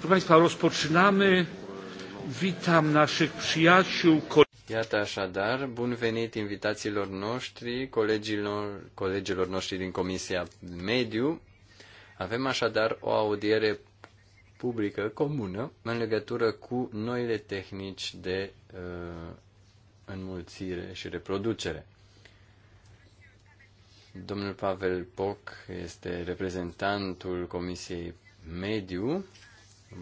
Proszę Państwa, rozpoczynamy. Witam naszych przyjaciół. Iată așadar, bun venit invitațiilor noștri, colegilor, colegilor noștri din Comisia Mediu. Avem așadar o audiere publică comună în legătură cu noile tehnici de uh, înmulțire și reproducere. Domnul Pavel Poc este reprezentantul Comisiei Mediu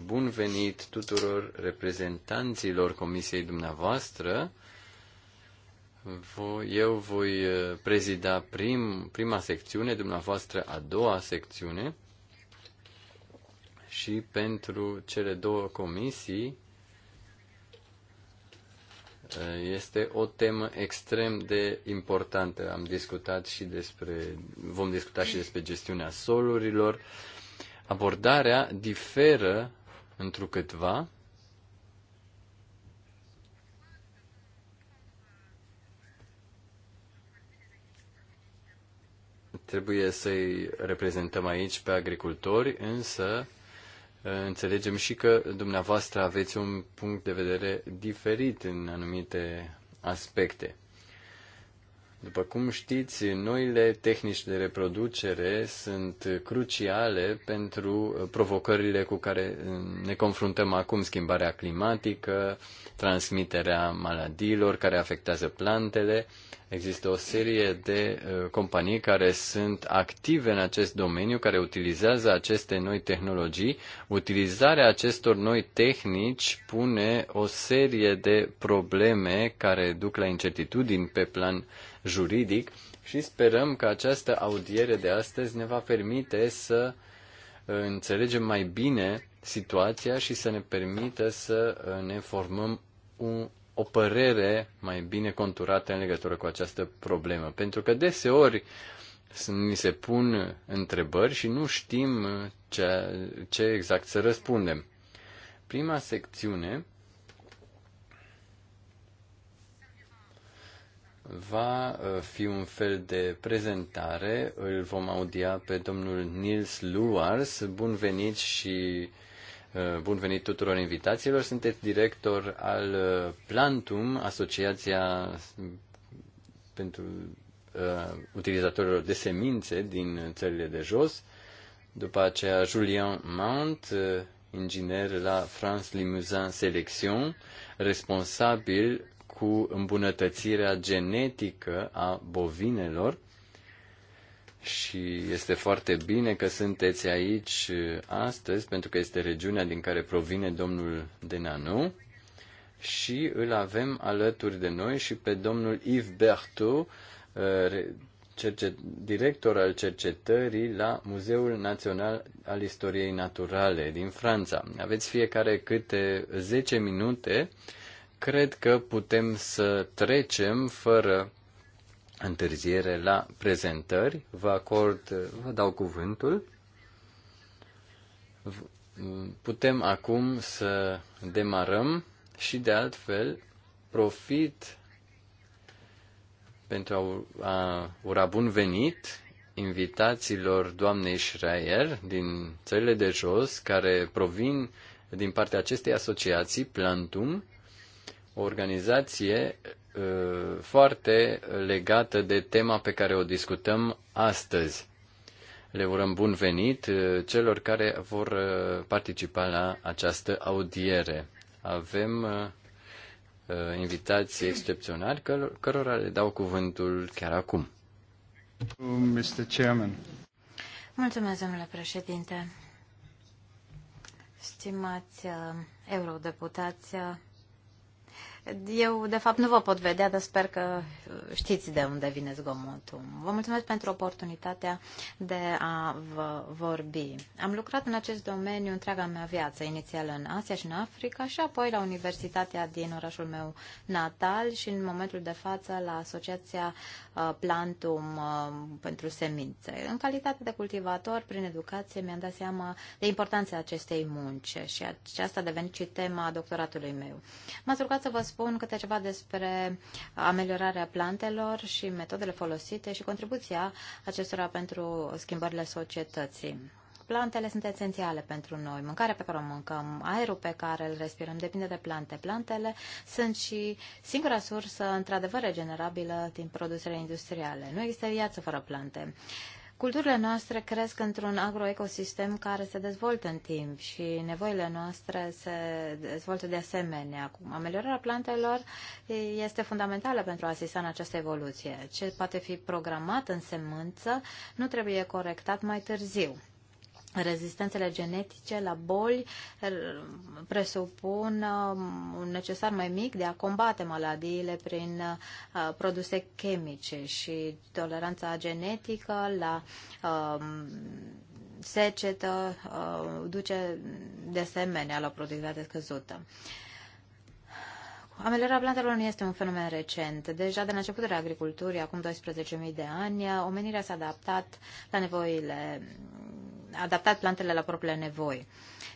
bun venit tuturor reprezentanților comisiei dumneavoastră. Eu voi uh, prezida prim, prima secțiune, dumneavoastră a doua secțiune și pentru cele două comisii uh, este o temă extrem de importantă. Am discutat și despre, vom discuta și despre gestiunea solurilor, abordarea diferă întrucâtva trebuie să-i reprezentăm aici pe agricultori, însă ă, înțelegem și că dumneavoastră aveți un punct de vedere diferit în anumite aspecte. După cum știți, noile tehnici de reproducere sunt cruciale pentru provocările cu care ne confruntăm acum, schimbarea climatică, transmiterea maladiilor care afectează plantele. Există o serie de uh, companii care sunt active în acest domeniu, care utilizează aceste noi tehnologii. Utilizarea acestor noi tehnici pune o serie de probleme care duc la incertitudini pe plan juridic și sperăm că această audiere de astăzi ne va permite să înțelegem mai bine situația și să ne permită să uh, ne formăm un, o părere mai bine conturată în legătură cu această problemă. Pentru că deseori ni se pun întrebări și nu știm uh, ce, ce exact să răspundem. Prima secțiune va uh, fi un fel de prezentare. Îl vom audia pe domnul Nils Luars. Bun venit și uh, bun venit tuturor invitațiilor. Sunteți director al uh, Plantum, Asociația pentru utilizatorilor de semințe din țările de jos. După aceea, Julien Mount, inginer la France Limousin Selection, responsabil cu îmbunătățirea genetică a bovinelor și este foarte bine că sunteți aici uh, astăzi, pentru că este regiunea din care provine domnul Denanu și îl avem alături de noi și pe domnul Yves Berthaud, uh, director al cercetării la Muzeul Național al Istoriei Naturale din Franța. Aveți fiecare câte 10 minute cred că putem să trecem fără întârziere la prezentări. Vă acord, vă dau cuvântul. Putem acum să demarăm și de altfel profit pentru a ura bun venit invitațiilor doamnei Schreier din țările de jos care provin din partea acestei asociații, Plantum, o organizație uh, foarte legată de tema pe care o discutăm astăzi. Le urăm bun venit uh, celor care vor uh, participa la această audiere. Avem invitații excepționali cărora le dau cuvântul chiar acum. Mr. Chairman. Mulțumesc, domnule președinte. Stimați eurodeputați, eu, de fapt, nu vă pot vedea, dar sper că uh, știți de unde vine zgomotul. Vă mulțumesc pentru oportunitatea de a vă vorbi. Am lucrat în acest domeniu întreaga mea viață, inițial în Asia și în Africa și apoi la Universitatea din orașul meu natal și în momentul de față la Asociația Uh, plantum uh, pentru semințe. În calitate de cultivator, prin educație, mi-am dat seama de importanța acestei munci și aceasta a devenit și tema doctoratului meu. M-ați rugat să vă spun câte ceva despre ameliorarea plantelor și metodele folosite și contribuția acestora pentru schimbările societății. Plantele sunt esențiale pentru noi. Mâncarea pe care o mâncăm, aerul pe care îl respirăm, depinde de plante. Plantele sunt și singura sursă, într-adevăr, regenerabilă din produsele industriale. Nu există viață fără plante. Culturile noastre cresc într-un agroecosistem care se dezvoltă în timp și nevoile noastre se dezvoltă de asemenea. Ameliorarea plantelor este fundamentală pentru a asista în această evoluție. Ce poate fi programat în semânță nu trebuie corectat mai târziu. Rezistențele genetice la boli er, presupun uh, un necesar mai mic de a combate maladiile prin uh, produse chimice și toleranța genetică la um, secetă uh, duce de asemenea la productivitate scăzută. Ameliorarea plantelor nu este un fenomen recent. Deja de la începutul agriculturii, acum 12.000 de ani, omenirea s-a adaptat la nevoile adaptat plantele la propriile nevoi.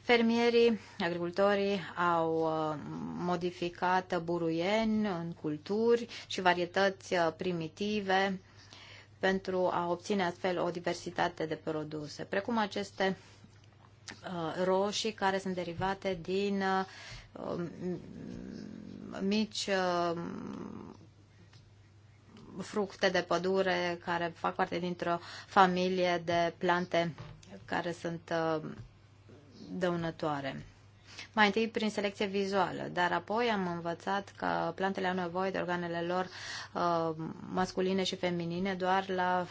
Fermierii, agricultorii au uh, modificat buruieni în culturi și varietăți uh, primitive pentru a obține astfel o diversitate de produse, precum aceste uh, roșii care sunt derivate din mici fructe de pădure care fac parte dintr-o familie de plante care sunt uh, dăunătoare. Mai întâi prin selecție vizuală, dar apoi am învățat că plantele au nevoie de organele lor uh, masculine și feminine doar la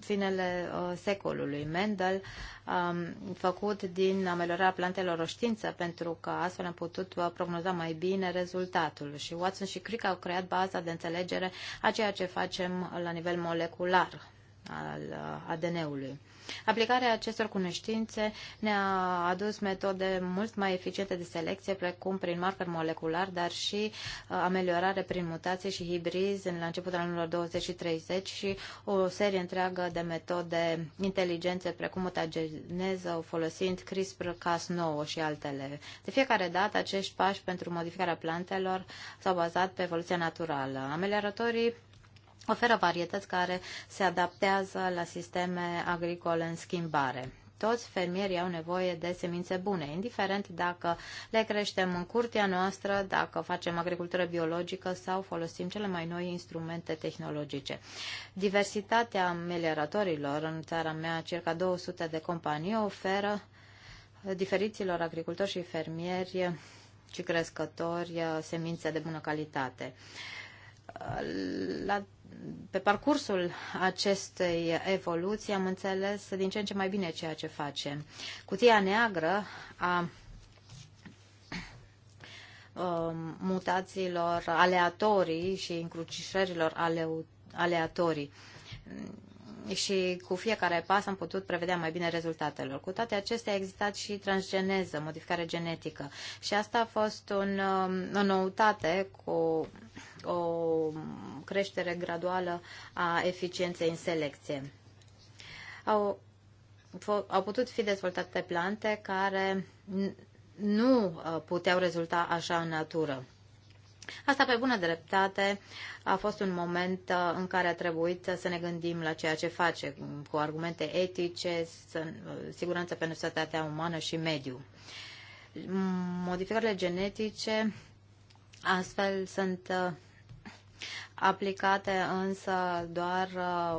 finele uh, secolului. Mendel a um, făcut din ameliorarea plantelor o știință pentru că astfel am putut prognoza mai bine rezultatul și Watson și Crick au creat baza de înțelegere a ceea ce facem la nivel molecular al ADN-ului. Aplicarea acestor cunoștințe ne-a adus metode mult mai eficiente de selecție, precum prin marker molecular, dar și uh, ameliorare prin mutații și hibrizi în la începutul anilor 20 și 30 și o serie întreagă de metode inteligențe, precum mutageneză, folosind CRISPR-Cas9 și altele. De fiecare dată, acești pași pentru modificarea plantelor s-au bazat pe evoluția naturală. Amelioratorii oferă varietăți care se adaptează la sisteme agricole în schimbare. Toți fermierii au nevoie de semințe bune, indiferent dacă le creștem în curtea noastră, dacă facem agricultură biologică sau folosim cele mai noi instrumente tehnologice. Diversitatea melioratorilor în țara mea, circa 200 de companii, oferă diferiților agricultori și fermieri și crescători semințe de bună calitate. La pe parcursul acestei evoluții am înțeles din ce în ce mai bine ceea ce facem. Cutia neagră a mutațiilor aleatorii și încrucișărilor aleatorii și cu fiecare pas am putut prevedea mai bine rezultatelor. Cu toate acestea a existat și transgeneză, modificare genetică și asta a fost un, um, o noutate cu o creștere graduală a eficienței în selecție. Au, au putut fi dezvoltate plante care nu uh, puteau rezulta așa în natură. Asta pe bună dreptate a fost un moment uh, în care a trebuit să ne gândim la ceea ce face um, cu argumente etice, uh, siguranță pentru sănătatea umană și mediu. Mm, modificările genetice astfel sunt uh, aplicate însă doar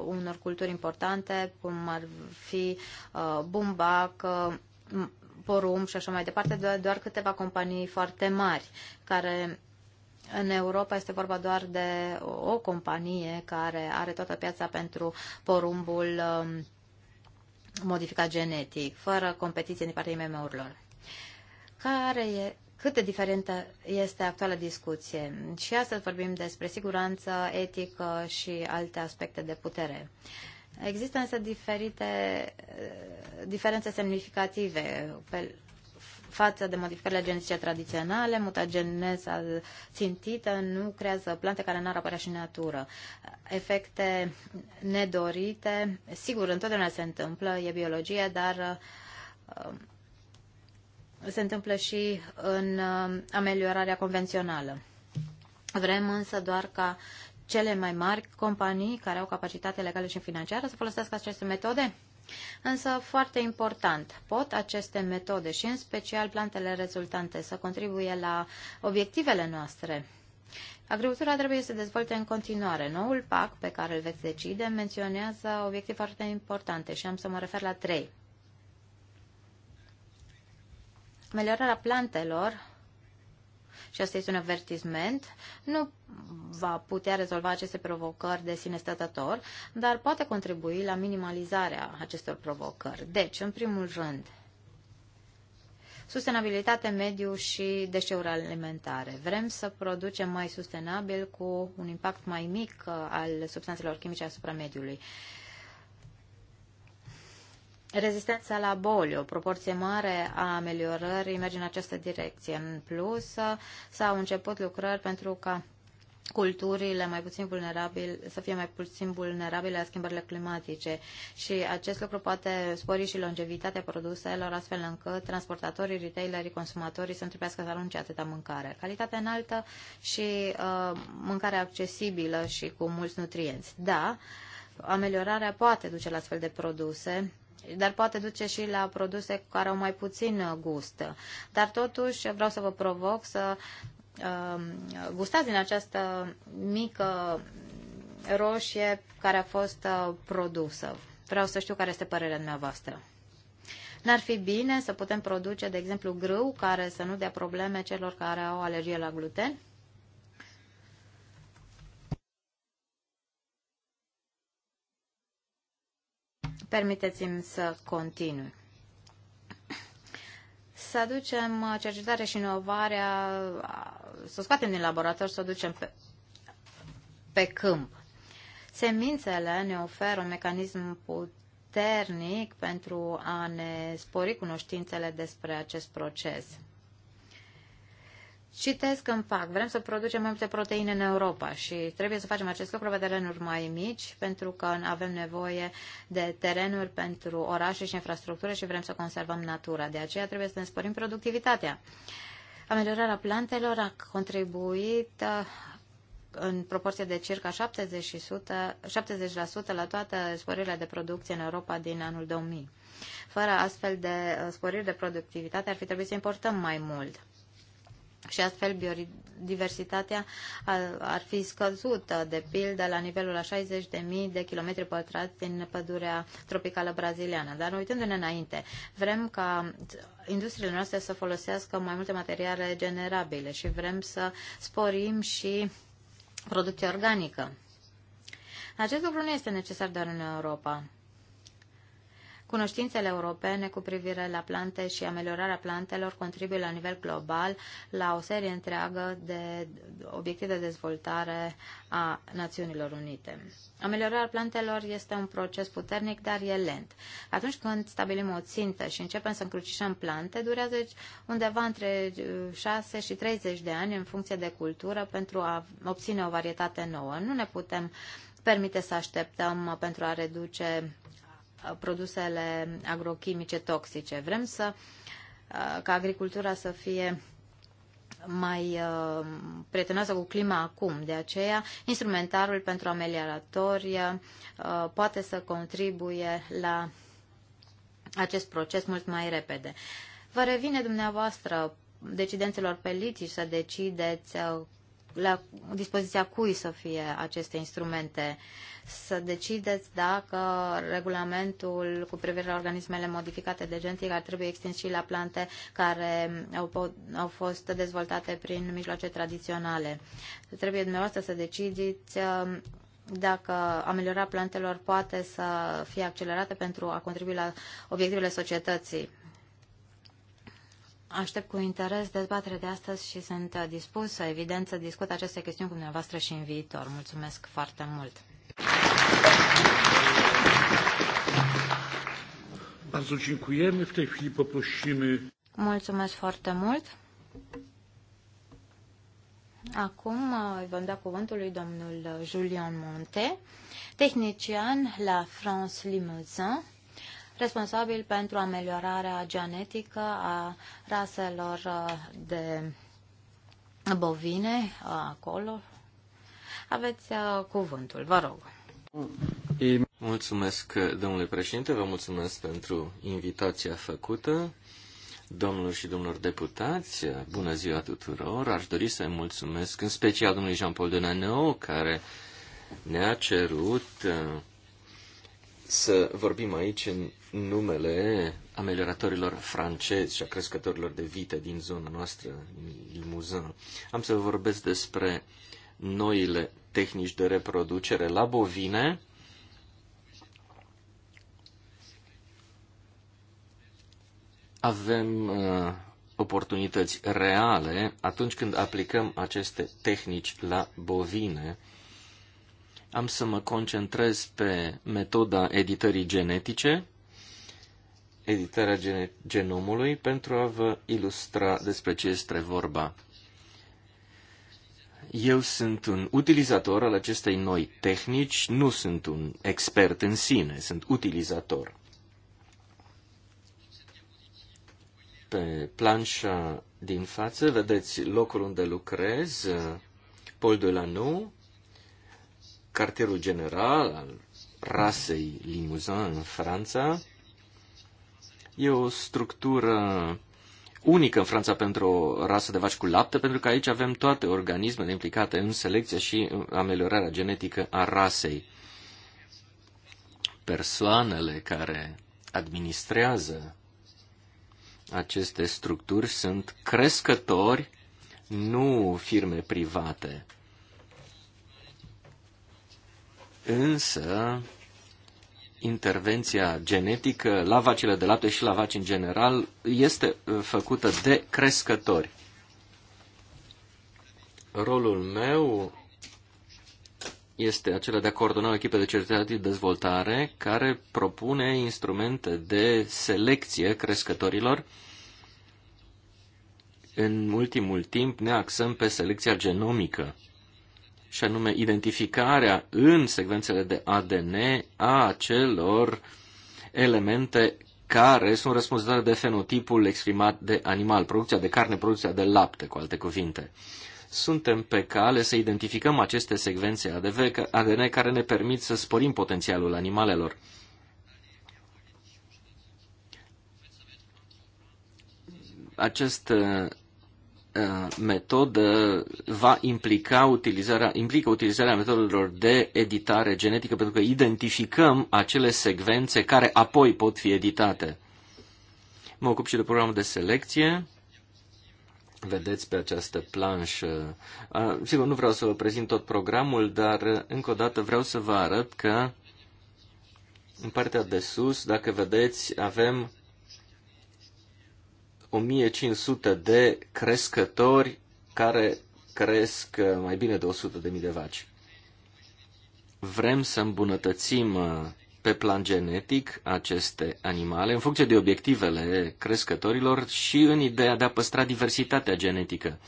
unor culturi importante, cum ar fi bumbac, porumb și așa mai departe, doar, doar câteva companii foarte mari care în Europa este vorba doar de o companie care are toată piața pentru porumbul um, modificat genetic, fără competiție din partea IMM-urilor. Care e, cât de diferentă este actuala discuție? Și astăzi vorbim despre siguranță, etică și alte aspecte de putere. Există însă diferite uh, diferențe semnificative pe față de modificările genetice tradiționale, mutageneza țintită nu creează plante care n-ar apărea și în natură. Efecte nedorite, sigur, întotdeauna se întâmplă, e biologie, dar um, se întâmplă și în um, ameliorarea convențională. Vrem însă doar ca cele mai mari companii care au capacitate legală și financiară să folosească aceste metode Însă, foarte important, pot aceste metode și în special plantele rezultante să contribuie la obiectivele noastre Agricultura trebuie să se dezvolte în continuare. Noul PAC pe care îl veți decide menționează obiective foarte importante și am să mă refer la trei. Ameliorarea plantelor și asta este un avertisment, nu va putea rezolva aceste provocări de sine stătător, dar poate contribui la minimalizarea acestor provocări. Deci, în primul rând, sustenabilitate, mediu și deșeuri alimentare. Vrem să producem mai sustenabil cu un impact mai mic al substanțelor chimice asupra mediului. Uh, rezistența la boli, o proporție mare a ameliorării merge în această direcție. În plus, s-au început lucrări pentru ca culturile mai puțin vulnerabile, să fie mai puțin vulnerabile la schimbările climatice și acest lucru poate spori și longevitatea produselor astfel încât transportatorii, retailerii, consumatorii să nu trebuiască să arunce atâta mâncare. Calitatea înaltă și uh, mâncare accesibilă și cu mulți nutrienți. Da, ameliorarea poate duce la astfel de produse, dar poate duce și la produse care au mai puțin gust. Dar totuși vreau să vă provoc să uh, gustați din această mică roșie care a fost uh, produsă. Vreau să știu care este părerea dumneavoastră. N-ar fi bine să putem produce, de exemplu, grâu care să nu dea probleme celor care au alergie la gluten? Permiteți-mi să continui. Să ducem cercetare și inovarea, să o scoatem din laborator, să o ducem pe, pe câmp. Semințele ne oferă un mecanism puternic pentru a ne spori cunoștințele despre acest proces. Citesc în PAC, vrem să producem mai multe proteine în Europa și trebuie să facem acest lucru pe terenuri mai mici pentru că avem nevoie de terenuri pentru orașe și infrastructură și vrem să conservăm natura. De aceea trebuie să ne sporim productivitatea. Ameliorarea plantelor a contribuit uh, în proporție de circa 70%, 70% la toată sporirea de producție în Europa din anul 2000. Fără astfel de uh, sporiri de productivitate ar fi trebuit să importăm mai mult și astfel biodiversitatea ar fi scăzută, de pildă, la nivelul a 60.000 de km pătrați din pădurea tropicală braziliană. Dar uitându-ne înainte, vrem ca industriile noastre să folosească mai multe materiale regenerabile și vrem să sporim și producția organică. Acest lucru nu este necesar doar în Europa. Cunoștințele europene cu privire la plante și ameliorarea plantelor contribuie la nivel global la o serie întreagă de obiective de dezvoltare a Națiunilor Unite. Ameliorarea plantelor este un proces puternic, dar e lent. Atunci când stabilim o țintă și începem să încrucișăm plante, durează undeva între 6 uh, și 30 de ani în funcție de cultură pentru a obține o varietate nouă. Nu ne putem permite să așteptăm pentru a reduce produsele agrochimice toxice. Vrem să uh, ca agricultura să fie mai uh, prietenoasă cu clima acum. De aceea, instrumentarul pentru amelioratori uh, poate să contribuie la acest proces mult mai repede. Vă revine dumneavoastră decidenților politici să decideți la dispoziția cui să fie aceste instrumente, să decideți dacă regulamentul cu privire la organismele modificate de genetic ar trebui extins și la plante care au, au fost dezvoltate prin mijloace tradiționale. Trebuie dumneavoastră să decidiți um, dacă ameliorarea plantelor poate să fie accelerată pentru a contribui la obiectivele societății. Aștept cu interes dezbaterea de astăzi și sunt dispusă, evident, să discut aceste chestiuni cu dumneavoastră și în viitor. Mulțumesc foarte mult! Bardzo dziękujemy. W tej chwili poprosimy. Mulțumesc foarte mult. Acum uh, îi vom da cuvântul lui domnul Julian Monte, tehnician la France Limousin responsabil pentru ameliorarea genetică a raselor uh, de bovine uh, acolo. Aveți uh, cuvântul, vă rog. Mulțumesc, domnule președinte, vă mulțumesc pentru invitația făcută. Domnilor și domnilor deputați, bună ziua tuturor! Aș dori să-i mulțumesc în special domnului Jean-Paul Denaneu, care ne-a cerut să vorbim aici în numele amelioratorilor francezi și a crescătorilor de vite din zona noastră, din Limuzin. Am să vorbesc despre noile tehnici de reproducere la bovine, avem uh, oportunități reale atunci când aplicăm aceste tehnici la bovine am să mă concentrez pe metoda editării genetice, editarea genomului, pentru a vă ilustra despre ce este vorba. Eu sunt un utilizator al acestei noi tehnici, nu sunt un expert în sine, sunt utilizator. Pe planșa din față vedeți locul unde lucrez, Paul de la Nou, cartierul general al rasei Limousin în Franța. E o structură unică în Franța pentru o rasă de vaci cu lapte, pentru că aici avem toate organismele implicate în selecția și ameliorarea genetică a rasei. Persoanele care administrează aceste structuri sunt crescători, nu firme private. Însă, intervenția genetică la vacile de lapte și la vaci în general este uh, făcută de crescători. Rolul meu este acela de a coordona o echipă de cercetare de dezvoltare care propune instrumente de selecție crescătorilor. În ultimul timp ne axăm pe selecția genomică și anume identificarea în secvențele de ADN a acelor elemente care sunt responsabile de fenotipul exprimat de animal, producția de carne, producția de lapte, cu alte cuvinte. Suntem pe cale să identificăm aceste secvențe ADN care ne permit să sporim potențialul animalelor. Acest Uh, metodă va implica utilizarea, implică utilizarea metodelor de editare genetică pentru că identificăm acele secvențe care apoi pot fi editate. Mă ocup și de programul de selecție. Vedeți pe această planșă. Sigur, nu vreau să vă prezint tot programul, dar încă o dată vreau să vă arăt că în partea de sus, dacă vedeți, avem 1500 de crescători care cresc uh, mai bine de 100.000 de vaci. Vrem să îmbunătățim uh, pe plan genetic aceste animale în funcție de obiectivele crescătorilor și în ideea de a păstra diversitatea genetică.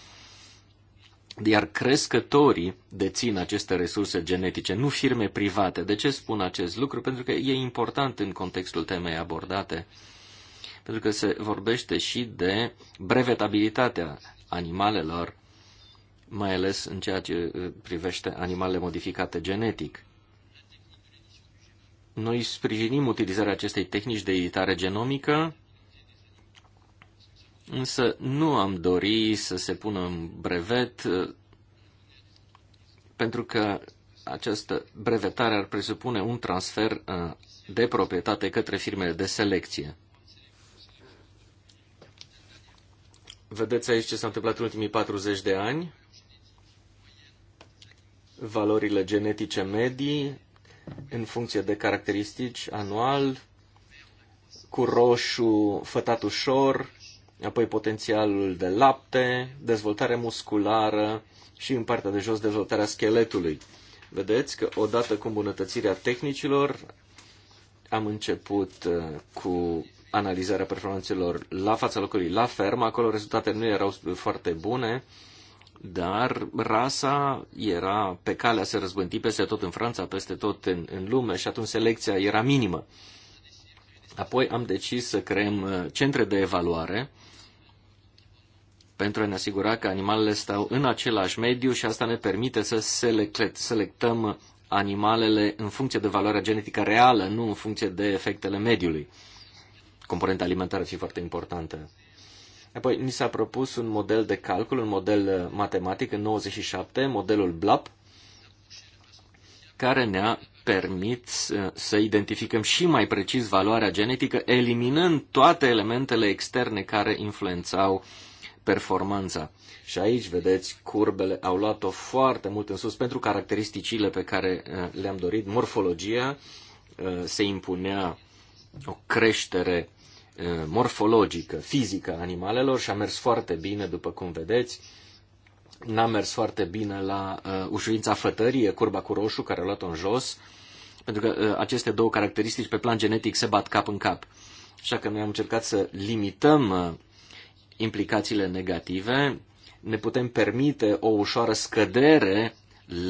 Iar crescătorii dețin aceste resurse genetice, nu firme private. De ce spun acest lucru? Pentru că e important în contextul temei abordate pentru că se vorbește și de brevetabilitatea animalelor, mai ales în ceea ce uh, privește animalele modificate genetic. Noi sprijinim utilizarea acestei tehnici de editare genomică, însă nu am dori să se pună în brevet, uh, pentru că această brevetare ar presupune un transfer uh, de proprietate către firmele de selecție. Vedeți aici ce s-a întâmplat în ultimii 40 de ani. Valorile genetice medii în funcție de caracteristici anual, cu roșu fătat ușor, apoi potențialul de lapte, dezvoltare musculară și în partea de jos dezvoltarea scheletului. Vedeți că odată cu îmbunătățirea tehnicilor am început uh, cu analizarea performanțelor la fața locului, la fermă. Acolo rezultatele nu erau foarte bune, dar rasa era pe calea să răzbânti peste tot în Franța, peste tot în, în lume și atunci selecția era minimă. Apoi am decis să creăm uh, centre de evaluare pentru a ne asigura că animalele stau în același mediu și asta ne permite să selectăm animalele în funcție de valoarea genetică reală, nu în funcție de efectele mediului componenta alimentară fi foarte importantă. Apoi ni s-a propus un model de calcul, un model uh, matematic în 97, modelul BLAP, care ne-a permis uh, să identificăm și mai precis valoarea genetică, eliminând toate elementele externe care influențau performanța. Și aici, vedeți, curbele au luat-o foarte mult în sus pentru caracteristicile pe care uh, le-am dorit. Morfologia se impunea o creștere eh, morfologică, fizică a animalelor și a mers foarte bine, după cum vedeți. N-a mers foarte bine la uh, ușurința fătării, curba cu roșu, care a luat-o în jos, pentru că uh, aceste două caracteristici pe plan genetic se bat cap în cap. Așa că noi am încercat să limităm uh, implicațiile negative, ne putem permite o ușoară scădere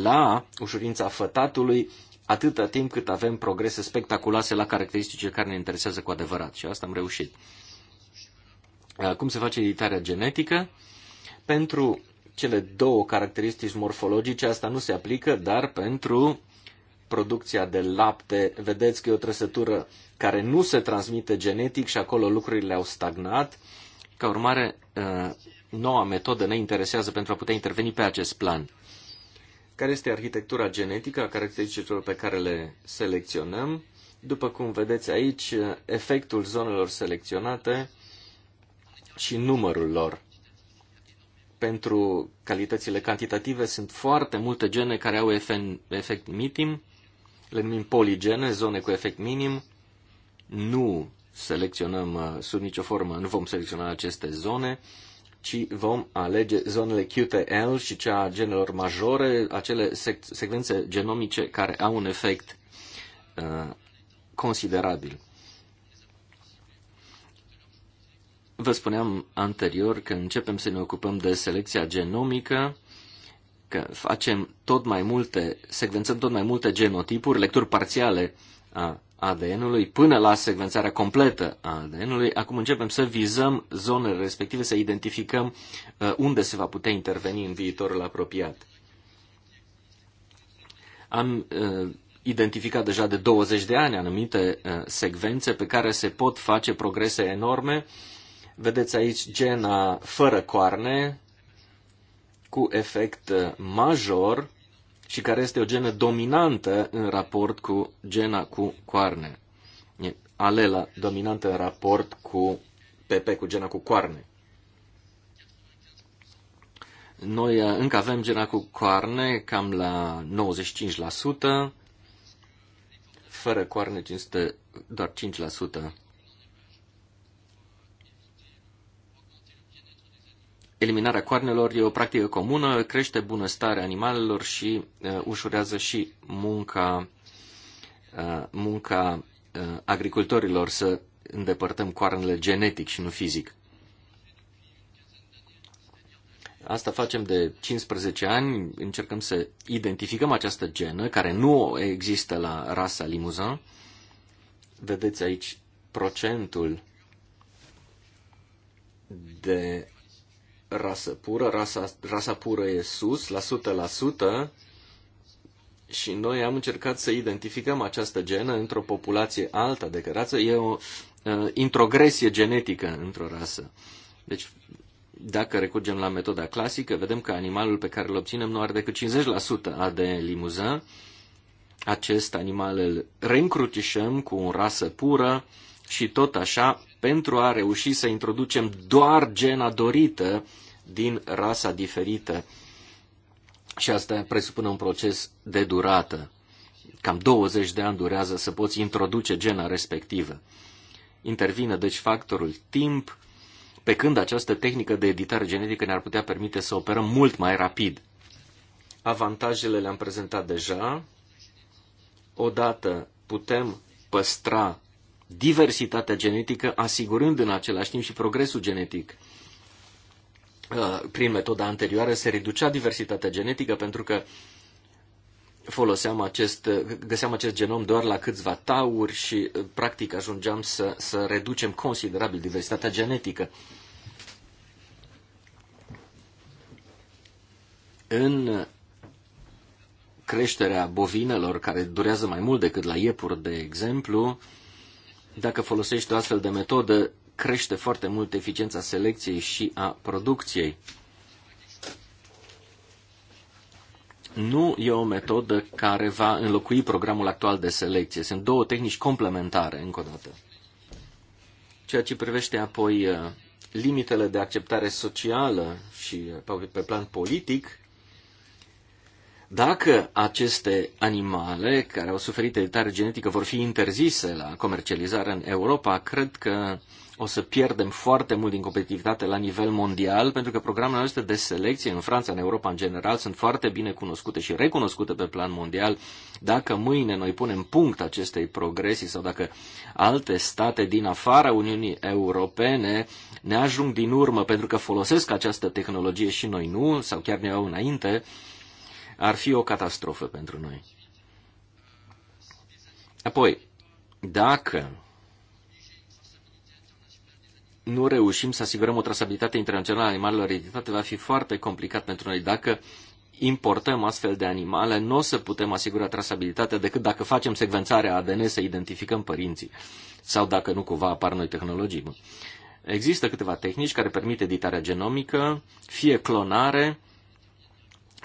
la ușurința fătatului atâta timp cât avem progrese spectaculoase la caracteristicile care ne interesează cu adevărat. Și asta am reușit. Uh, cum se face editarea genetică? Pentru cele două caracteristici morfologice asta nu se aplică, dar pentru producția de lapte, vedeți că e o trăsătură care nu se transmite genetic și acolo lucrurile au stagnat. Ca urmare, uh, noua metodă ne interesează pentru a putea interveni pe acest plan care este arhitectura genetică a caracteristicilor pe care le selecționăm. După cum vedeți aici, efectul zonelor selecționate și numărul lor. Pentru calitățile cantitative sunt foarte multe gene care au efect minim, le numim poligene, zone cu efect minim. Nu selecționăm uh, sub nicio formă, nu vom selecționa aceste zone ci vom alege zonele QTL și cea a genelor majore, acele sec- secvențe genomice care au un efect uh, considerabil. Vă spuneam anterior că începem să ne ocupăm de selecția genomică, că facem tot mai multe, secvențăm tot mai multe genotipuri, lecturi parțiale uh, a ADN-ului până la secvențarea completă a ADN-ului. Acum începem să vizăm zonele respective, să identificăm uh, unde se va putea interveni în viitorul apropiat. Am uh, identificat deja de 20 de ani anumite uh, secvențe pe care se pot face progrese enorme. Vedeți aici gena fără coarne, cu efect major și care este o genă dominantă în raport cu gena cu coarne. E alela dominantă în raport cu PP, cu gena cu coarne. Noi uh, încă avem gena cu coarne cam la 95%, fără coarne 500, doar 5%. eliminarea coarnelor e o practică comună, crește bunăstarea animalelor și uh, ușurează și munca, uh, munca uh, agricultorilor să îndepărtăm coarnele genetic și nu fizic. Asta facem de 15 ani, încercăm să identificăm această genă care nu există la rasa limuzan. Vedeți aici procentul de rasă pură, rasa, rasa pură e sus, la 100%, și noi am încercat să identificăm această genă într-o populație alta de rasă. E o uh, introgresie genetică într-o rasă. Deci, dacă recurgem la metoda clasică, vedem că animalul pe care îl obținem nu are decât 50% ADN limuză. Acest animal îl reîncrucișăm cu o rasă pură și tot așa pentru a reuși să introducem doar gena dorită din rasa diferită. Și asta presupune un proces de durată. Cam 20 de ani durează să poți introduce gena respectivă. Intervine deci factorul timp, pe când această tehnică de editare genetică ne-ar putea permite să operăm mult mai rapid. Avantajele le-am prezentat deja. Odată putem păstra diversitatea genetică, asigurând în același timp și progresul genetic. Uh, prin metoda anterioară se reducea diversitatea genetică pentru că foloseam acest, găseam acest genom doar la câțiva tauri și uh, practic ajungeam să, să reducem considerabil diversitatea genetică. În creșterea bovinelor, care durează mai mult decât la iepuri, de exemplu, uh, dacă folosești o astfel de metodă, crește foarte mult eficiența selecției și a producției. Nu e o metodă care va înlocui programul actual de selecție. Sunt două tehnici complementare, încă o dată. Ceea ce privește apoi uh, limitele de acceptare socială și uh, pe plan politic, dacă aceste animale care au suferit editare genetică vor fi interzise la comercializare în Europa, cred că o să pierdem foarte mult din competitivitate la nivel mondial, pentru că programele noastre de selecție în Franța, în Europa în general, sunt foarte bine cunoscute și recunoscute pe plan mondial. Dacă mâine noi punem punct acestei progresii sau dacă alte state din afara Uniunii Europene ne ajung din urmă pentru că folosesc această tehnologie și noi nu, sau chiar ne au înainte, ar fi o catastrofă pentru noi. Apoi, dacă nu reușim să asigurăm o trasabilitate internațională a animalelor ereditate, va fi foarte complicat pentru noi. Dacă importăm astfel de animale, nu o să putem asigura trasabilitatea decât dacă facem secvențarea ADN să identificăm părinții sau dacă nu cumva apar noi tehnologii. Există câteva tehnici care permit editarea genomică, fie clonare,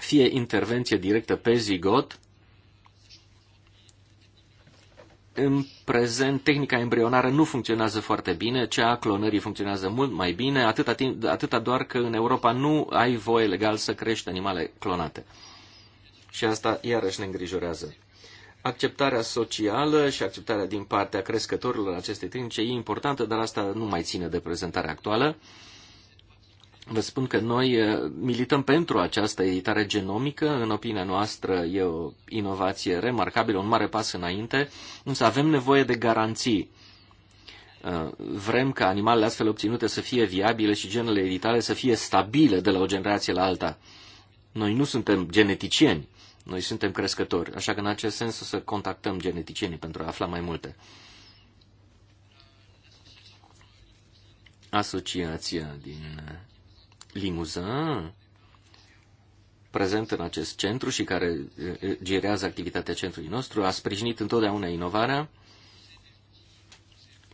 fie intervenție directă pe zigot. În prezent, tehnica embrionară nu funcționează foarte bine, cea a clonării funcționează mult mai bine, atâta, timp, atâta doar că în Europa nu ai voie legal să crești animale clonate. Și asta iarăși ne îngrijorează acceptarea socială și acceptarea din partea crescătorilor acestei tehnice e importantă, dar asta nu mai ține de prezentarea actuală. Vă spun că noi eh, milităm pentru această editare genomică. În opinia noastră e o inovație remarcabilă, un mare pas înainte, însă avem nevoie de garanții. Eh, vrem ca animalele astfel obținute să fie viabile și genele editare să fie stabile de la o generație la alta. Noi nu suntem geneticieni, noi suntem crescători, așa că în acest sens o să contactăm geneticienii pentru a afla mai multe. Asociația din eh, Limuzin, prezent în acest centru și care girează activitatea centrului nostru, a sprijinit întotdeauna inovarea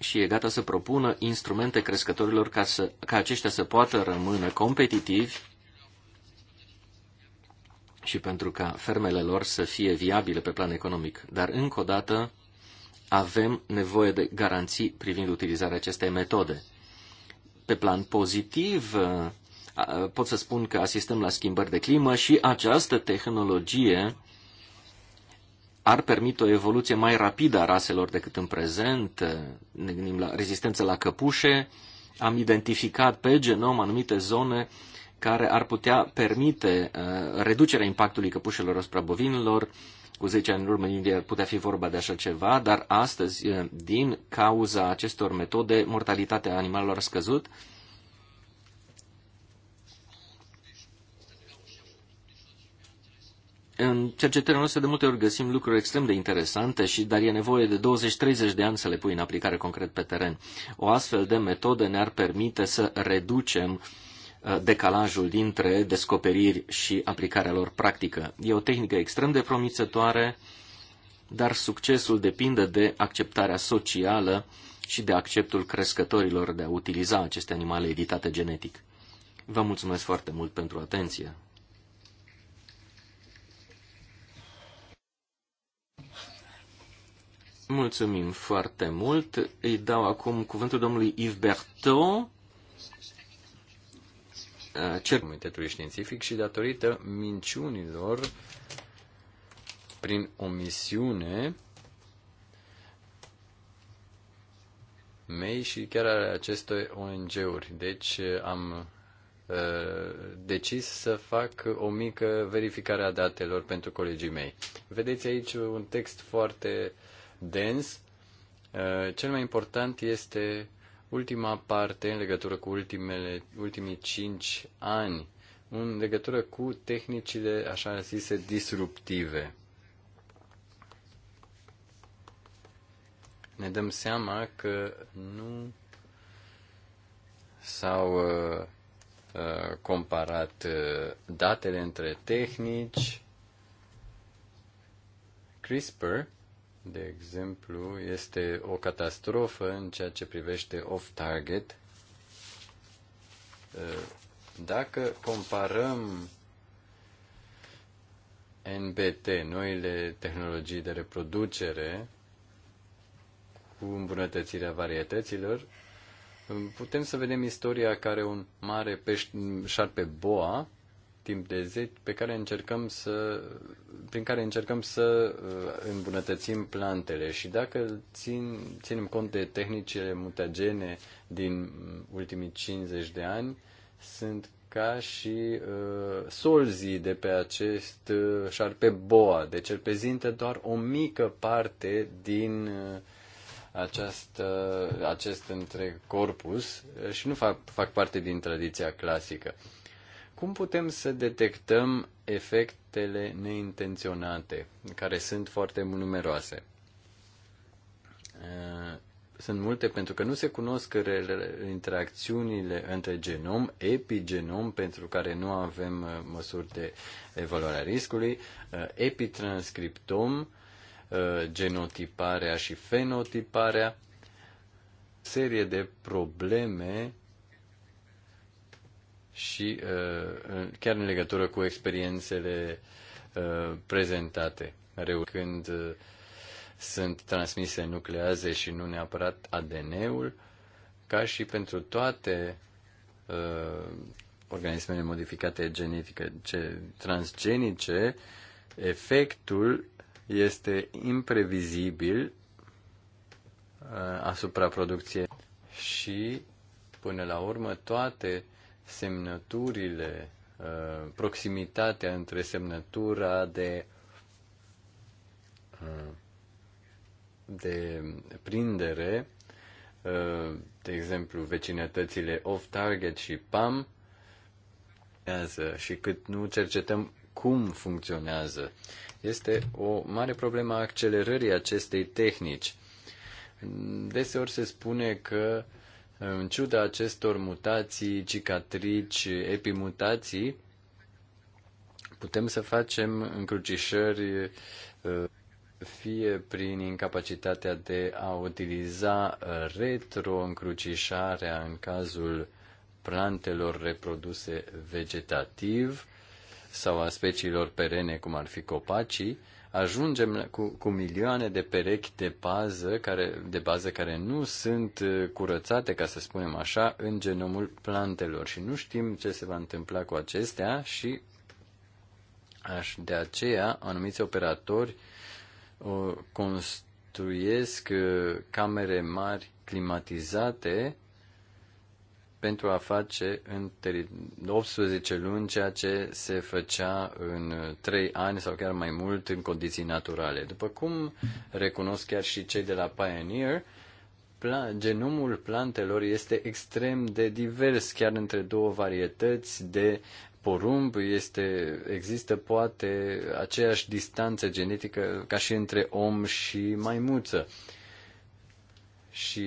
și e gata să propună instrumente crescătorilor ca, să, ca aceștia să poată rămâne competitivi și pentru ca fermele lor să fie viabile pe plan economic. Dar, încă o dată, avem nevoie de garanții privind utilizarea acestei metode. Pe plan pozitiv, pot să spun că asistăm la schimbări de climă și această tehnologie ar permite o evoluție mai rapidă a raselor decât în prezent. Ne gândim la rezistență la căpușe. Am identificat pe genom anumite zone care ar putea permite uh, reducerea impactului căpușelor asupra bovinilor. Cu 10 ani în urmă ar putea fi vorba de așa ceva, dar astăzi, uh, din cauza acestor metode, mortalitatea animalelor a scăzut în cercetările noastre de multe ori găsim lucruri extrem de interesante, și dar e nevoie de 20-30 de ani să le pui în aplicare concret pe teren. O astfel de metodă ne-ar permite să reducem uh, decalajul dintre descoperiri și aplicarea lor practică. E o tehnică extrem de promițătoare, dar succesul depinde de acceptarea socială și de acceptul crescătorilor de a utiliza aceste animale editate genetic. Vă mulțumesc foarte mult pentru atenție. Mulțumim foarte mult. Îi dau acum cuvântul domnului Yves Bertot, uh, cer Comitetului Științific și datorită minciunilor prin omisiune mei și chiar ale acestor ONG-uri. Deci uh, am uh, decis să fac o mică verificare a datelor pentru colegii mei. Vedeți aici un text foarte uh, dens. Uh, cel mai important este ultima parte în legătură cu ultimele, ultimii cinci ani, în legătură cu tehnicile așa zise disruptive. Ne dăm seama că nu s-au uh, uh, comparat uh, datele între tehnici. CRISPR de exemplu, este o catastrofă în ceea ce privește off-target. Ă, dacă comparăm NBT, noile tehnologii de reproducere, cu îmbunătățirea varietăților, putem să vedem istoria care un mare pește, șarpe boa timp de zi pe care încercăm să, prin care încercăm să uh, îmbunătățim plantele și dacă țin, ținem cont de tehnicile mutagene din ultimii 50 de ani, sunt ca și uh, solzii de pe acest uh, șarpe boa, deci prezintă doar o mică parte din uh, această, acest întreg corpus uh, și nu fac, fac parte din tradiția clasică. Cum putem să detectăm efectele neintenționate, care sunt foarte numeroase? Uh, sunt multe pentru că nu se cunosc interacțiunile între genom, epigenom, pentru care nu avem uh, măsuri de evaluare a riscului, uh, epitranscriptom, genotiparea și fenotiparea, serie de probleme și uh, chiar în legătură cu experiențele uh, prezentate, reu când uh, sunt transmise nucleaze și nu neapărat ADN-ul, ca și pentru toate uh, organismele modificate genetică, ce, transgenice, efectul este imprevizibil uh, asupra producției și, până la urmă, toate uh, semnăturile, uh, proximitatea între semnătura de uh, de prindere, uh, de exemplu, vecinătățile off-target și PAM, și cât nu cercetăm cum funcționează. Este o mare problemă a accelerării acestei tehnici. Deseori se spune că în ciuda acestor mutații, cicatrici, epimutații, putem să facem încrucișări uh, fie prin incapacitatea de a utiliza uh, retroîncrucișarea în cazul plantelor reproduse vegetativ sau a speciilor perene, cum ar fi copacii, ajungem cu, cu milioane de perechi de bază, care, de bază care nu sunt uh, curățate, ca să spunem așa, în genomul plantelor și nu știm ce se va întâmpla cu acestea și aș, de aceea anumiți operatori o, construiesc uh, camere mari climatizate pentru a face în 18 luni ceea ce se făcea în 3 ani sau chiar mai mult în condiții naturale. După cum recunosc chiar și cei de la Pioneer, genomul plantelor este extrem de divers, chiar între două varietăți de porumb este, există poate aceeași distanță genetică ca și între om și maimuță. Și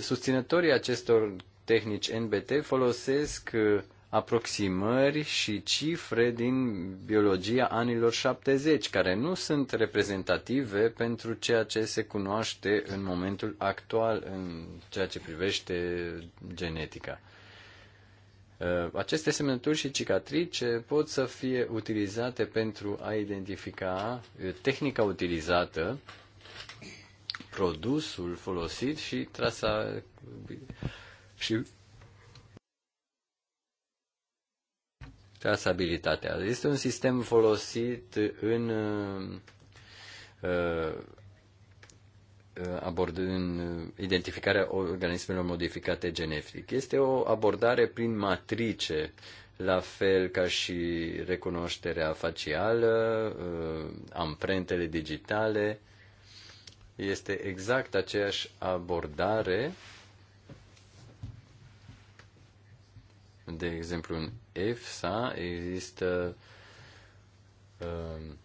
susținătorii acestor tehnici NBT folosesc uh, aproximări și cifre din biologia anilor 70, care nu sunt reprezentative pentru ceea ce se cunoaște în momentul actual în ceea ce privește genetica. Uh, aceste semnături și cicatrice pot să fie utilizate pentru a identifica uh, tehnica utilizată, produsul folosit și trasa și trasabilitatea. Este un sistem folosit în uh, uh abordând identificarea organismelor modificate genetic. Este o abordare prin matrice, la fel ca și recunoașterea facială, uh, amprentele digitale. Este exact aceeași abordare De exemplu, în EFSA există um,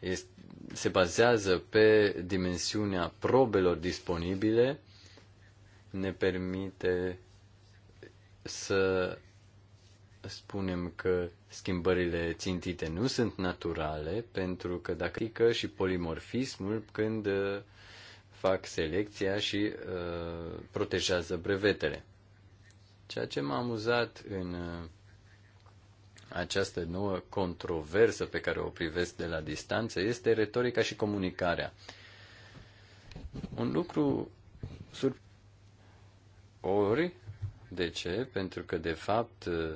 este, se bazează pe dimensiunea probelor disponibile, ne permite să spunem că schimbările țintite nu sunt naturale, pentru că dacă și polimorfismul când uh, fac selecția și uh, protejează brevetele. Ceea ce m-a amuzat în uh, această nouă controversă pe care o privesc de la distanță este retorica și comunicarea. Un lucru sur... Ori, de ce? Pentru că, de fapt, uh,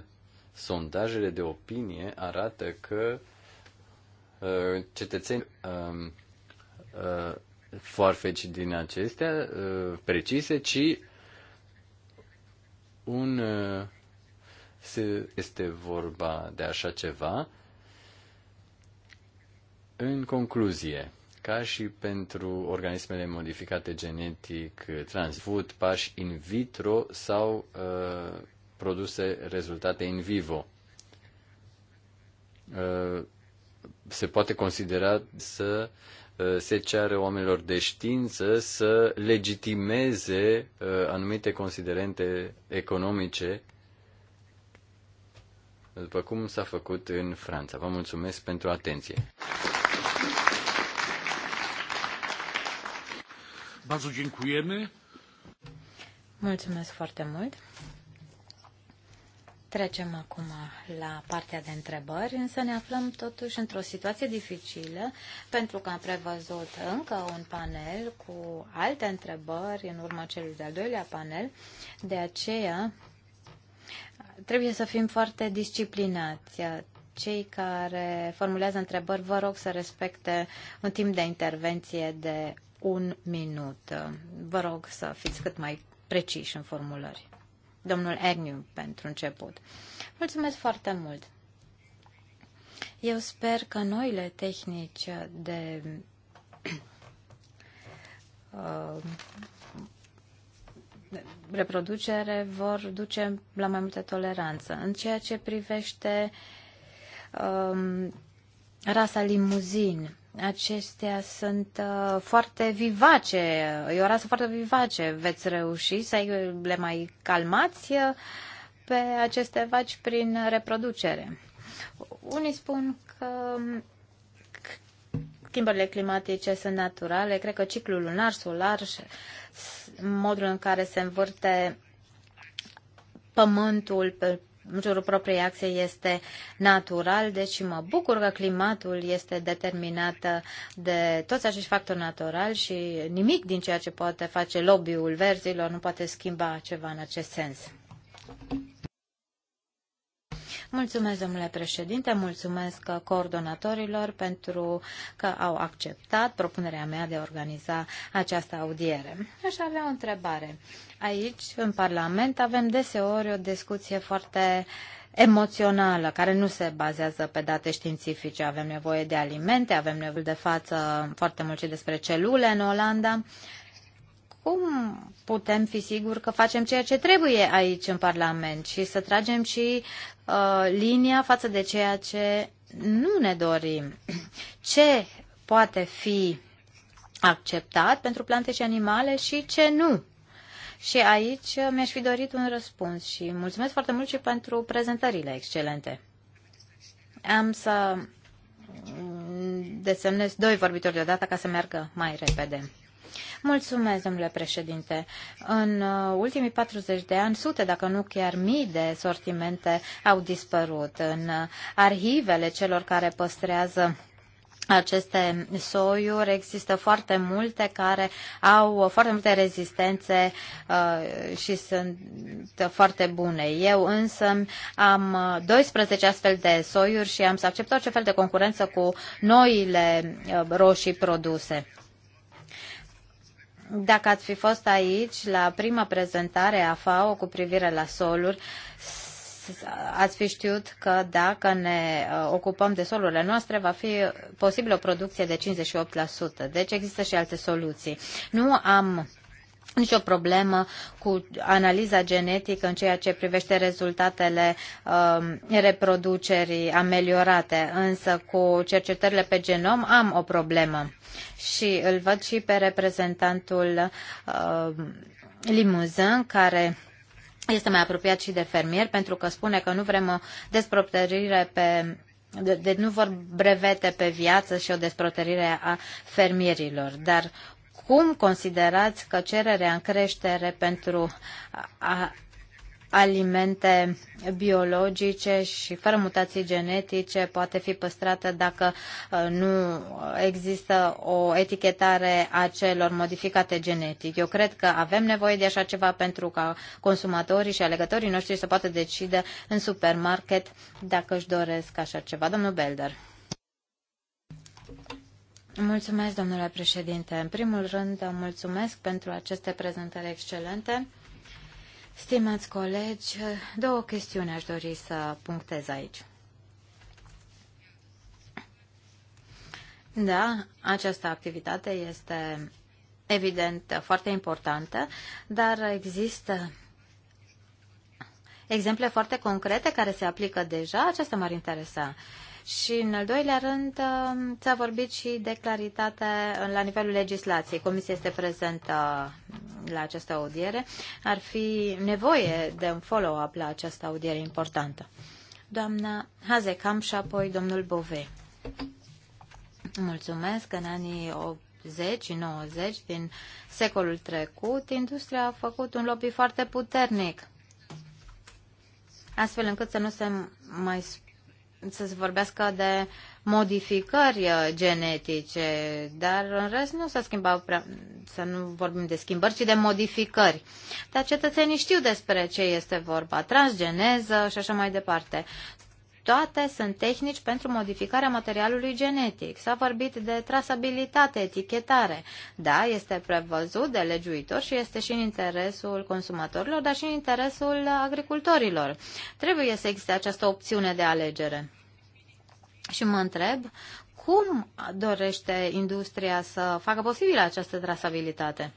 sondajele de opinie arată că uh, cetățenii um, foarfeci din acestea precise, ci un uh, se, este vorba de așa ceva. În concluzie, ca și pentru organismele modificate genetic, uh, transfut, pași in vitro sau uh, produse rezultate in vivo. Uh, se poate considera să Uh, se ceară oamenilor de știință să legitimeze uh, anumite considerente economice, după cum s-a făcut în Franța. Vă mulțumesc pentru atenție. Bardzo dziękujemy. Mulțumesc foarte mult. Trecem acum la partea de întrebări, însă ne aflăm totuși într-o situație dificilă, pentru că am prevăzut încă un panel cu alte întrebări în urma celui de-al doilea panel, de aceea trebuie să fim foarte disciplinați. Cei care formulează întrebări, vă rog să respecte un timp de intervenție de un minut. Vă rog să fiți cât mai preciși în formulări domnul Agnew pentru început. Mulțumesc foarte mult! Eu sper că noile tehnici de uh, reproducere vor duce la mai multă toleranță. În ceea ce privește um, rasa limuzin, acestea sunt uh, foarte vivace, e o rasă foarte vivace. Veți reuși să le mai calmați uh, pe aceste vaci prin reproducere. Unii spun că schimbările climatice sunt naturale. Cred că ciclul lunar, solar, modul în care se învârte pământul pe în jurul propriei axe este natural, deci mă bucur că climatul este determinat de toți acești factori naturali și nimic din ceea ce poate face lobby-ul verzilor nu poate schimba ceva în acest sens. Mulțumesc, domnule președinte, mulțumesc coordonatorilor pentru că au acceptat propunerea mea de a organiza această audiere. Aș avea o întrebare. Aici, în Parlament, avem deseori o discuție foarte emoțională, care nu se bazează pe date științifice. Avem nevoie de alimente, avem nevoie de față foarte mult și despre celule în Olanda cum putem fi siguri că facem ceea ce trebuie aici în Parlament și să tragem și uh, linia față de ceea ce nu ne dorim? Ce poate fi acceptat pentru plante și animale și ce nu? Și aici uh, mi-aș fi dorit un răspuns și mulțumesc foarte mult și pentru prezentările excelente. Am să mm, desemnez doi vorbitori deodată ca să meargă mai repede. Mulțumesc, domnule președinte. În uh, ultimii 40 de ani, sute, dacă nu chiar mii de sortimente au dispărut. În arhivele celor care păstrează aceste soiuri există foarte multe care au foarte multe rezistențe uh, și sunt foarte bune. Eu însă am 12 astfel de soiuri și am să accept orice fel de concurență cu noile uh, roșii produse. Dacă ați fi fost aici la prima prezentare a FAO cu privire la soluri, ați fi știut că dacă ne uh, ocupăm de solurile noastre, va fi posibil o producție de 58%. Deci există și alte soluții. Nu am nicio problemă cu analiza genetică în ceea ce privește rezultatele um, reproducerii ameliorate, însă cu cercetările pe genom am o problemă. Și îl văd și pe reprezentantul um, Limuzin, care este mai apropiat și de fermier, pentru că spune că nu vrem o despropterire pe de, de nu vor brevete pe viață și o desprotărire a fermierilor, dar cum considerați că cererea în creștere pentru a, alimente biologice și fără mutații genetice poate fi păstrată dacă nu există o etichetare a celor modificate genetic. Eu cred că avem nevoie de așa ceva pentru ca consumatorii și alegătorii noștri să poată decide în supermarket dacă își doresc așa ceva. Domnul Belder. Mulțumesc, domnule președinte. În primul rând, mulțumesc pentru aceste prezentări excelente. Stimați colegi, două chestiuni aș dori să punctez aici. Da, această activitate este evident foarte importantă, dar există exemple foarte concrete care se aplică deja. Aceasta m-ar interesa. Uh, și, în al doilea rând, um, s-a vorbit și de claritate la nivelul legislației. Comisia este prezentă um, la această audiere. Ar fi nevoie de un follow-up la această audiere importantă. Doamna Hazekam și apoi domnul Bove. Mulțumesc. În anii 80 și 90 din secolul trecut, industria a făcut un lobby foarte puternic astfel încât să nu se mai să se vorbească de modificări uh, genetice, dar în rest nu s-a schimbat prea, să nu vorbim de schimbări, ci de modificări. Dar cetățenii știu despre ce este vorba, transgeneză și așa mai departe. Toate sunt tehnici pentru modificarea materialului genetic. S-a vorbit de trasabilitate, etichetare. Da, este prevăzut de legiuitor și este și în interesul consumatorilor, dar și în interesul agricultorilor. Trebuie să existe această opțiune de alegere. Și mă întreb cum dorește industria să facă posibilă această trasabilitate.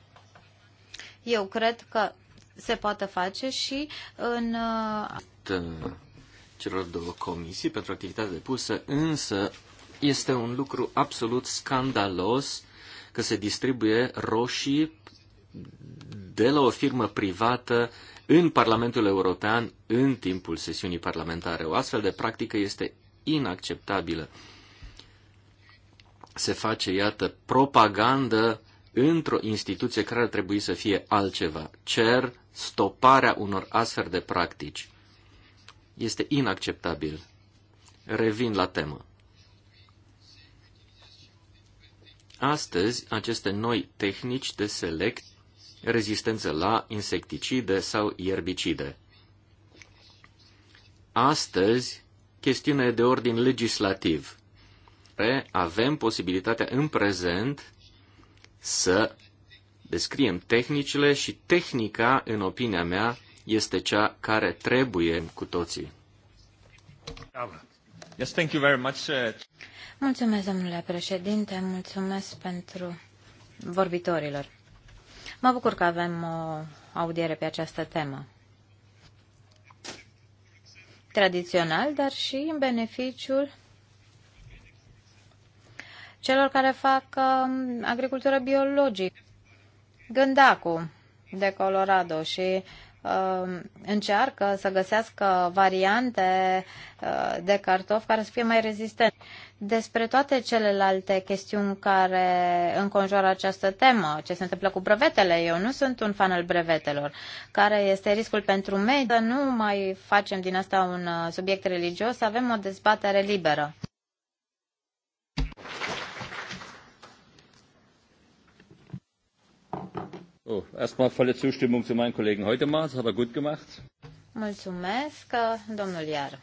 Eu cred că se poate face și în... Uh, celor două comisii pentru activitatea depusă, însă este un lucru absolut scandalos că se distribuie roșii de la o firmă privată în Parlamentul European în timpul sesiunii parlamentare. O astfel de practică este inacceptabilă. Se face, iată, propagandă într-o instituție care ar trebui să fie altceva. Cer stoparea unor astfel de practici este inacceptabil. Revin la temă. Astăzi, aceste noi tehnici de select rezistență la insecticide sau ierbicide. Astăzi, chestiunea e de ordin legislativ. Avem posibilitatea în prezent să descriem tehnicile și tehnica, în opinia mea, este cea care trebuie cu toții. Yes, thank you very much. Uh, mulțumesc, domnule președinte, mulțumesc pentru vorbitorilor. Mă bucur că avem o audiere pe această temă. Tradițional, dar și în beneficiul celor care fac um, agricultură biologică. Gândacul de Colorado și Um, încearcă să găsească variante uh, de cartofi care să fie mai rezistente. Despre toate celelalte chestiuni care înconjoară această temă, ce se întâmplă cu brevetele, eu nu sunt un fan al brevetelor, care este riscul pentru mediu, nu mai facem din asta un uh, subiect religios, avem o dezbatere liberă. Oh, erstmal volle Zustimmung zu meinem Kollegen Heutemar, das hat er gut gemacht. Mulțumesc, domnul Iar.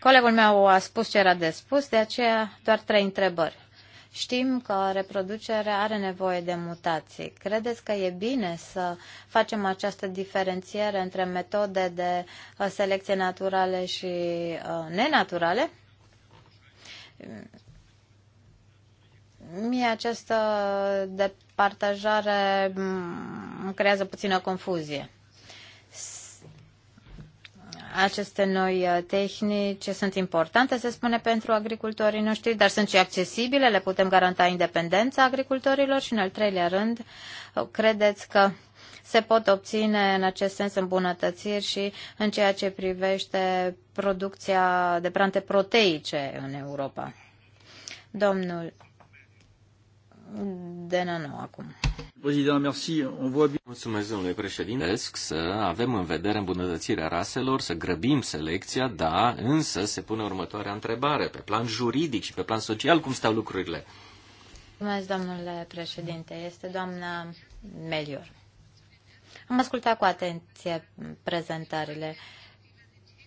Colegul meu a spus ce era de spus, de aceea doar trei întrebări. Știm că reproducerea are nevoie de mutații. Credeți că e bine să facem această diferențiere între metode de uh, selecție naturale și uh, nenaturale? Mie această departajare îmi mm, creează puțină confuzie. Aceste noi uh, tehnici sunt importante, se spune, pentru agricultorii noștri, dar sunt și accesibile, le putem garanta independența agricultorilor și, în al treilea rând, uh, credeți că se pot obține în acest sens îmbunătățiri și în ceea ce privește producția de plante proteice în Europa. Domnul acum. Mulțumesc, domnule președinte. Să avem în vedere îmbunătățirea raselor, să grăbim selecția, da, însă se pune următoarea întrebare, pe plan juridic și pe plan social, cum stau lucrurile? Mulțumesc, domnule președinte. Este doamna Melior. Am ascultat cu atenție prezentările.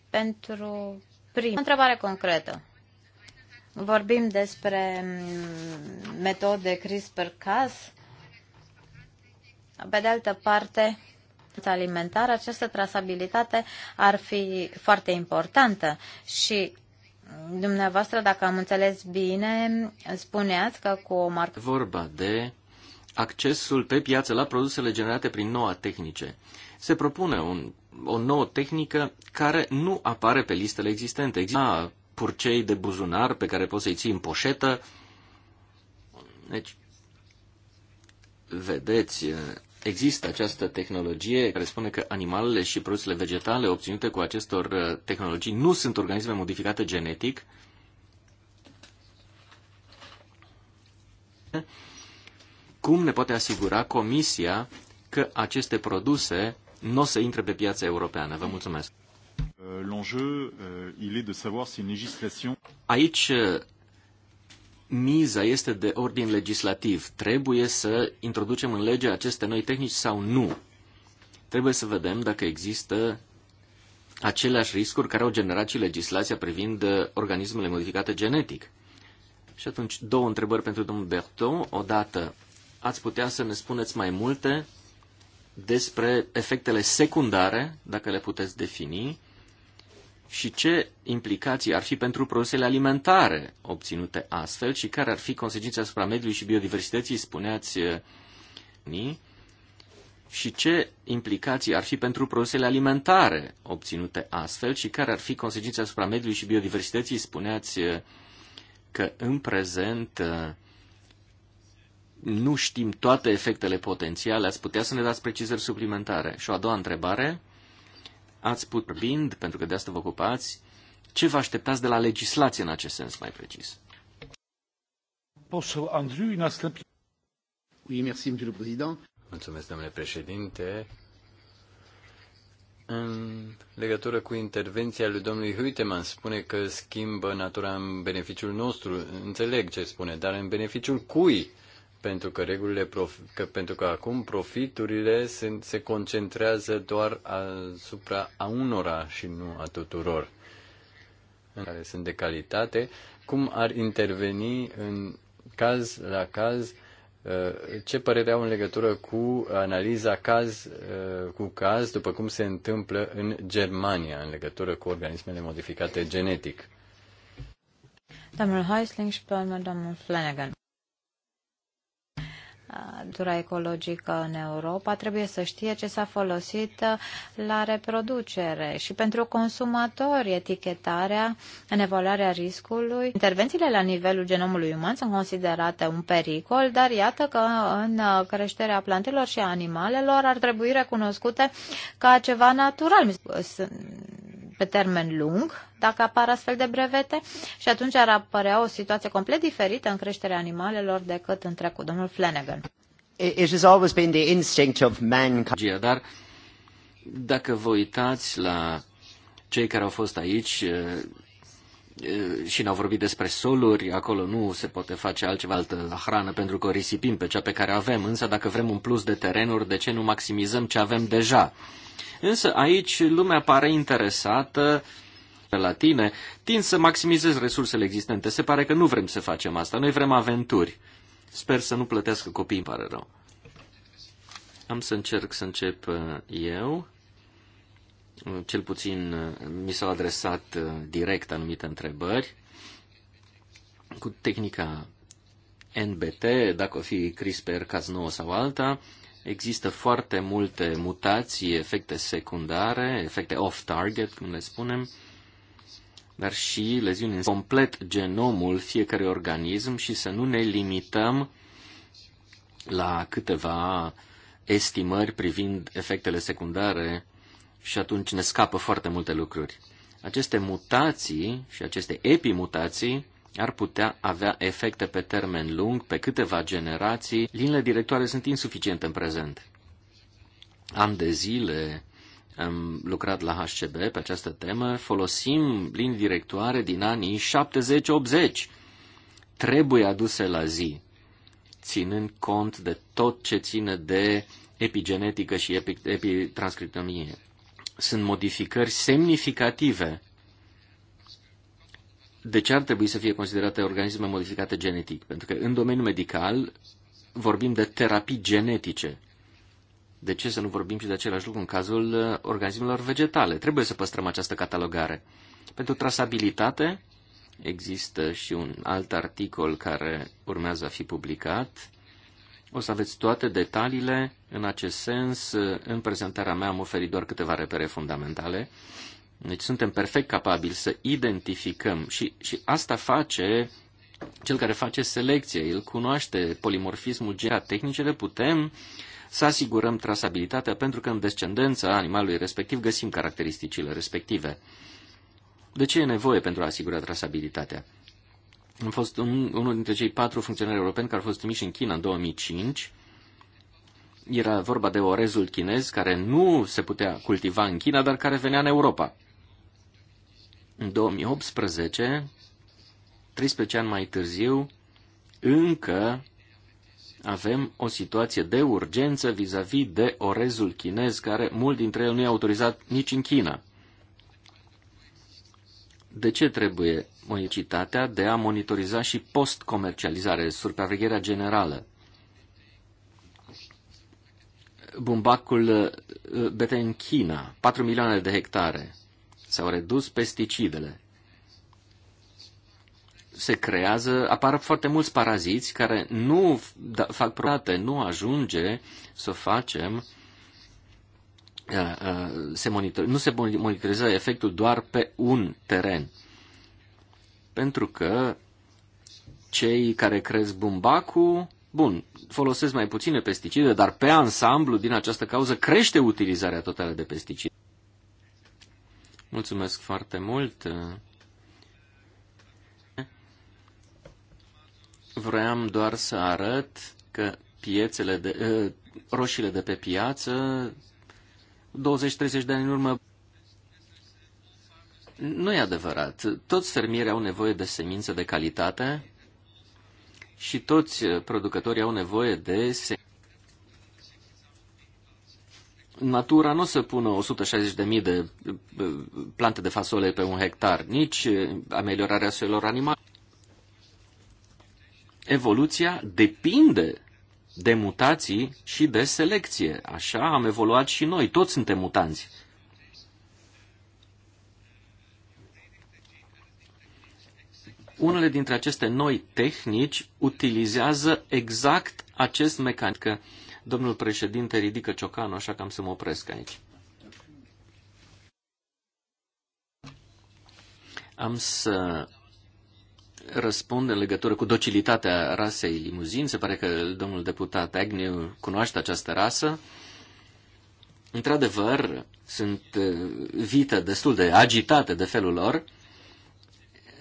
Pentru prima întrebare concretă. Vorbim despre mm, metode CRISPR-Cas. Pe de altă parte, alimentar, această trasabilitate ar fi foarte importantă și dumneavoastră, dacă am înțeles bine, spuneați că cu o marcă... Vorba de accesul pe piață la produsele generate prin noua tehnice. Se propune un, o nouă tehnică care nu apare pe listele existente. Există purcei de buzunar pe care poți să-i ții în poșetă. Deci, vedeți, există această tehnologie care spune că animalele și produsele vegetale obținute cu acestor uh, tehnologii nu sunt organisme modificate genetic. Cum ne poate asigura Comisia că aceste produse nu o să intre pe piața europeană? Vă mulțumesc! Euh, euh, Aici uh, miza este de ordin legislativ. Trebuie să introducem în lege aceste noi tehnici sau nu. Trebuie să vedem dacă există aceleași riscuri care au generat și legislația privind uh, organismele modificate genetic. Și atunci, două întrebări pentru domnul Berton. Odată, ați putea să ne spuneți mai multe despre efectele secundare, dacă le puteți defini, și ce implicații ar fi pentru produsele alimentare obținute astfel și care ar fi consecințe asupra mediului și biodiversității, spuneați eh, ni, și ce implicații ar fi pentru produsele alimentare obținute astfel și care ar fi consecințe asupra mediului și biodiversității, spuneați eh, că în prezent eh, nu știm toate efectele potențiale, ați putea să ne dați precizări suplimentare. Și o a doua întrebare, ați put vorbind, pentru că de asta vă ocupați, ce vă așteptați de la legislație în acest sens mai precis? Posso Andriu, în Oui, merci, monsieur le président. Mulțumesc, domnule președinte. În legătură cu intervenția lui domnului Huiteman, spune că schimbă natura în beneficiul nostru. Înțeleg ce spune, dar în beneficiul cui? pentru că regulile prof- că, pentru că acum profiturile se, se concentrează doar asupra a unora și nu a tuturor care sunt de calitate, cum ar interveni în caz la caz uh, ce părere au în legătură cu analiza caz uh, cu caz, după cum se întâmplă în Germania, în legătură cu organismele modificate genetic. Domnul Heisling și pe urmă domnul Flanagan agricultura ecologică în Europa, trebuie să știe ce s-a folosit la reproducere și pentru consumatori etichetarea în evaluarea riscului. Intervențiile la nivelul genomului uman sunt considerate un pericol, dar iată că în creșterea plantelor și animalelor ar trebui recunoscute ca ceva natural pe termen lung dacă apar astfel de brevete și atunci ar apărea o situație complet diferită în creșterea animalelor decât în trecut. Domnul Flanagan. It has always been the instinct of mankind. Dar dacă vă uitați la cei care au fost aici și n-au vorbit despre soluri, acolo nu se poate face altceva, altă hrană, pentru că o risipim pe cea pe care avem. Însă dacă vrem un plus de terenuri, de ce nu maximizăm ce avem deja? Însă aici lumea pare interesată la tine, tind să maximizezi resursele existente. Se pare că nu vrem să facem asta. Noi vrem aventuri. Sper să nu plătească copiii, îmi pare rău. Am să încerc să încep uh, eu. Uh, cel puțin uh, mi s-au adresat direct anumite întrebări. Cu tehnica NBT, dacă o fi CRISPR-Cas9 sau alta, există foarte multe mutații, efecte secundare, efecte off-target, cum le spunem, dar și leziuni în complet genomul fiecărui organism și să nu ne limităm la câteva estimări privind efectele secundare și atunci ne scapă foarte multe lucruri. Aceste mutații și aceste epimutații ar putea avea efecte pe termen lung, pe câteva generații. Linile directoare sunt insuficiente în prezent. Am de zile am lucrat la HCB pe această temă, folosim linii directoare din anii 70-80. Trebuie aduse la zi, ținând cont de tot ce ține de epigenetică și epi- epitranscriptomie. Sunt modificări semnificative. De ce ar trebui să fie considerate organisme modificate genetic? Pentru că în domeniul medical vorbim de terapii genetice, de ce să nu vorbim și de același lucru în cazul uh, organismelor vegetale? Trebuie să păstrăm această catalogare. Pentru trasabilitate există și un alt articol care urmează a fi publicat. O să aveți toate detaliile în acest sens. În prezentarea mea am oferit doar câteva repere fundamentale. Deci suntem perfect capabili să identificăm și, și asta face cel care face selecție. El cunoaște polimorfismul genetic. tehnicele, putem uh, să asigurăm trasabilitatea pentru că în descendența animalului respectiv găsim caracteristicile respective. De ce e nevoie pentru a asigura trasabilitatea? Am fost un, unul dintre cei patru funcționari europeni care au fost trimiși în China în 2005. Era vorba de orezul chinez care nu se putea cultiva în China, dar care venea în Europa. În 2018, 13 ani mai târziu, încă avem o situație de urgență vis-a-vis -vis de orezul chinez, care mult dintre el nu e autorizat nici în China. De ce trebuie monicitatea de a monitoriza și post-comercializare, supravegherea generală? Bumbacul uh, bete în China, 4 milioane de hectare. S-au redus pesticidele se creează, apar foarte mulți paraziți care nu da, fac proate, nu ajunge să facem, uh, uh, se monitor, nu se monitorizează efectul doar pe un teren. Pentru că cei care cresc bumbacul, bun, folosesc mai puține pesticide, dar pe ansamblu, din această cauză, crește utilizarea totală de pesticide. Mulțumesc foarte mult! Vroiam doar să arăt că piețele de, ă, roșiile de pe piață 20-30 de ani în urmă. Nu e adevărat. Toți fermierii au nevoie de semințe de calitate și toți producătorii au nevoie de se... Natura nu o să pună 160.000 de ă, plante de fasole pe un hectar, nici ameliorarea soilor animale evoluția depinde de mutații și de selecție. Așa am evoluat și noi, toți suntem mutanți. Unele dintre aceste noi tehnici utilizează exact acest mecanic. Domnul președinte ridică ciocanul, așa că am să mă opresc aici. Am să răspund în legătură cu docilitatea rasei limuzin. Se pare că domnul deputat Agnew cunoaște această rasă. Într-adevăr, sunt eh, vită destul de agitate de felul lor,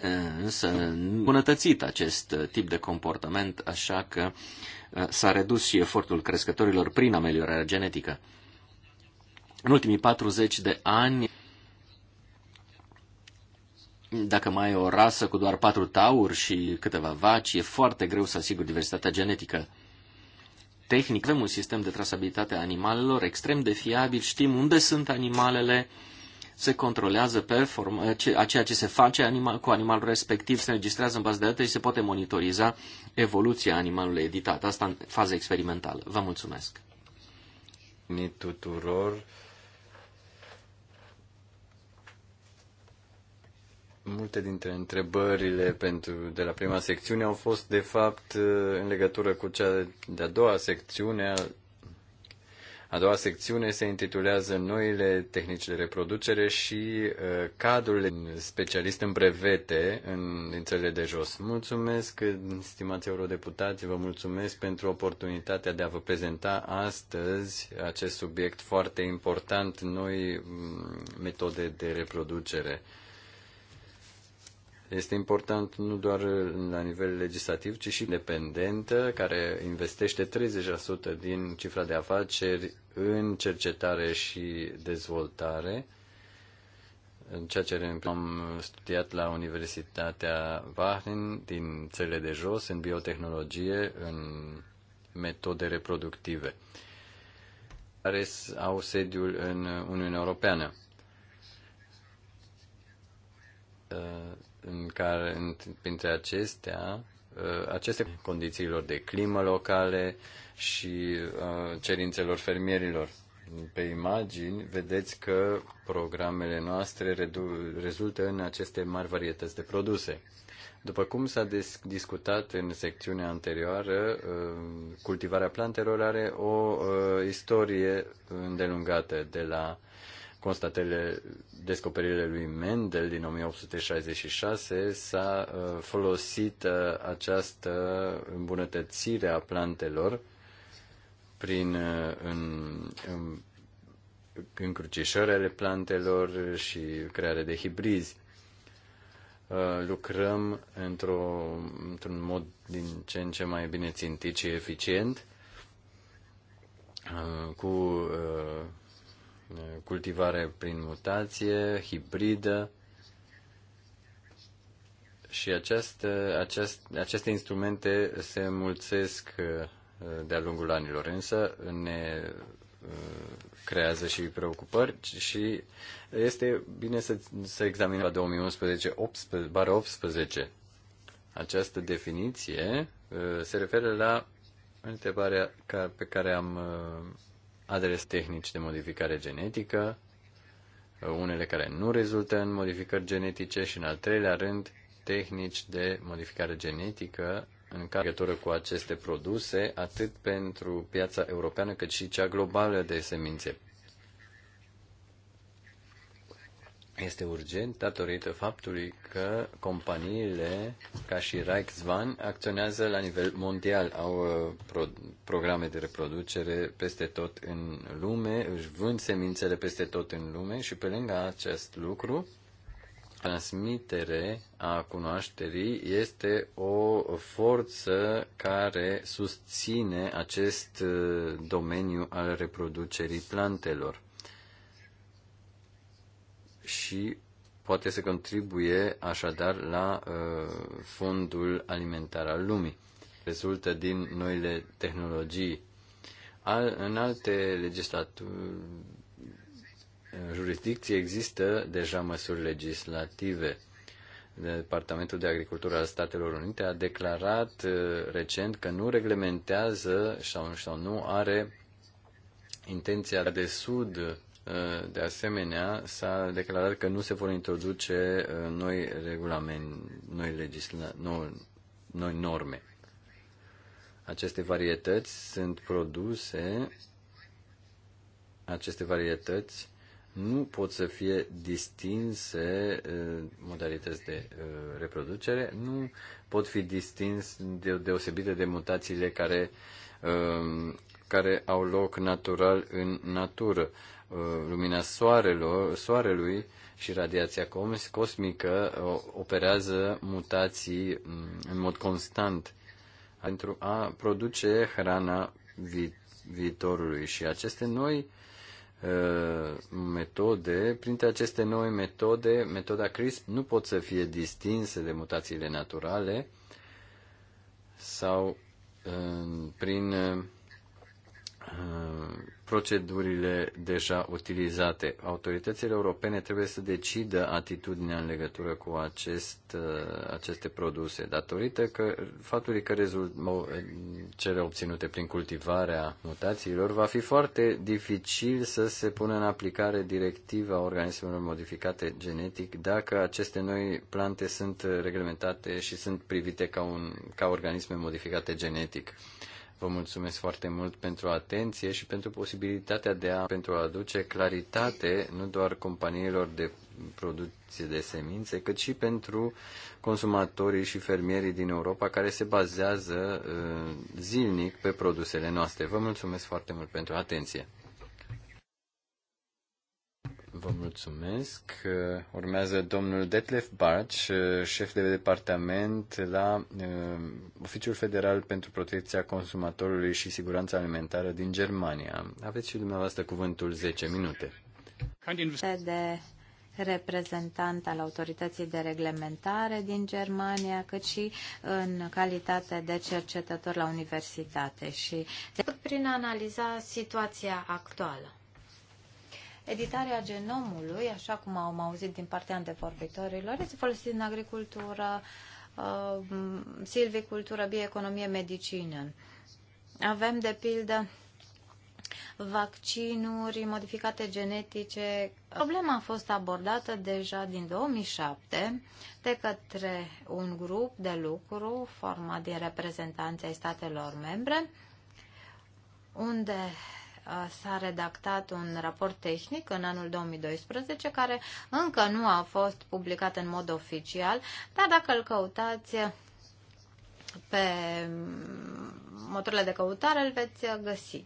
eh, însă bunătățit acest eh, tip de comportament, așa că s-a redus și efortul crescătorilor prin ameliorarea genetică. În ultimii 40 de ani, dacă mai ai o rasă cu doar patru tauri și câteva vaci, e foarte greu să asiguri diversitatea genetică. Tehnic, avem un sistem de trasabilitate a animalelor extrem de fiabil, știm unde sunt animalele, se controlează perform- a ceea ce se face animal, cu animalul respectiv, se înregistrează în bază de date și se poate monitoriza evoluția animalului editat. Asta în fază experimentală. Vă mulțumesc! Ni tuturor Multe dintre întrebările pentru, de la prima secțiune au fost, de fapt, uh, în legătură cu cea de-a doua secțiune. A doua secțiune se intitulează Noile tehnici de reproducere și uh, cadrul specialist în brevete în, în țările de jos. Mulțumesc, stimați eurodeputați, vă mulțumesc pentru oportunitatea de a vă prezenta astăzi acest subiect foarte important, noi mm, metode de reproducere este important nu doar la nivel legislativ, ci și independentă, care investește 30% din cifra de afaceri în cercetare și dezvoltare, în ceea ce am studiat la Universitatea Bahrain din țările de jos, în biotehnologie, în metode reproductive, care au sediul în Uniunea Europeană în care, printre acestea, uh, aceste condițiilor de climă locale și uh, cerințelor fermierilor. Pe imagini vedeți că programele noastre rezultă în aceste mari varietăți de produse. După cum s-a discutat în secțiunea anterioară, uh, cultivarea plantelor are o istorie îndelungată de la constatările, descoperirile lui Mendel din 1866, s-a uh, folosit uh, această îmbunătățire a plantelor prin uh, în, în, încrucișările plantelor și crearea de hibrizi. Lucrăm într-o, într-un mod din ce în ce mai bine țintit și eficient cu cultivare prin mutație, hibridă și această, aceste aceste instrumente se mulțesc uh, de-a lungul anilor, însă ne uh, creează și preocupări și este bine să, să examinăm la 2011 18, bară 18. Această definiție uh, se referă la întrebarea pe care am adres tehnici de modificare genetică, unele care nu rezultă în modificări genetice și, în al treilea rând, tehnici de modificare genetică în legătură cu aceste produse, atât pentru piața europeană cât și cea globală de semințe este urgent datorită faptului că companiile ca și Reichswan acționează la nivel mondial, au uh, pro- programe de reproducere peste tot în lume, își vând semințele peste tot în lume și pe lângă acest lucru, transmitere a cunoașterii este o forță care susține acest uh, domeniu al reproducerii plantelor și poate să contribuie așadar la uh, fondul alimentar al lumii. Rezultă din noile tehnologii. Al, în alte legislaturi, jurisdicții există deja măsuri legislative. Departamentul de Agricultură al Statelor Unite a declarat uh, recent că nu reglementează sau, sau nu are intenția de sud Uh, de asemenea, s-a declarat că nu se vor introduce uh, noi regulamente, noi, legisla, noi, noi norme. Aceste varietăți sunt produse, aceste varietăți nu pot să fie distinse uh, modalități de reproducere, nu pot fi distins de, deosebite de mutațiile care, um, care au loc natural în natură Uh, lumina soarelui și radiația cosmică uh, operează mutații mm, în mod constant pentru a produce hrana vi- viitorului. Și aceste noi uh, metode, printre aceste noi metode, metoda CRISP nu pot să fie distinse de mutațiile naturale sau prin procedurile deja utilizate. Autoritățile europene trebuie să decidă atitudinea în legătură cu acest, uh, aceste produse, datorită că faptului că rezult, cele obținute prin cultivarea mutațiilor va fi foarte dificil să se pună în aplicare directiva organismelor modificate genetic dacă aceste noi plante sunt reglementate și sunt privite ca, un, ca organisme modificate genetic. Vă mulțumesc foarte mult pentru atenție și pentru posibilitatea de a, pentru a aduce claritate nu doar companiilor de producție de semințe, cât și pentru consumatorii și fermierii din Europa care se bazează uh, zilnic pe produsele noastre. Vă mulțumesc foarte mult pentru atenție. Vă mulțumesc. Urmează domnul Detlef Barci, șef de departament la uh, Oficiul Federal pentru Protecția Consumatorului și Siguranța Alimentară din Germania. Aveți și dumneavoastră cuvântul 10 minute. De reprezentant al autorității de reglementare din Germania, cât și în calitate de cercetător la universitate și de... prin analiza situația actuală editarea genomului, așa cum am auzit din partea antevorbitorilor, este folosit în agricultură, uh, silvicultură, bioeconomie, medicină. Avem, de pildă, vaccinuri modificate genetice. Problema a fost abordată deja din 2007 de către un grup de lucru format din reprezentanții statelor membre, unde s-a redactat un raport tehnic în anul 2012 care încă nu a fost publicat în mod oficial, dar dacă îl căutați pe motorile de căutare îl veți găsi.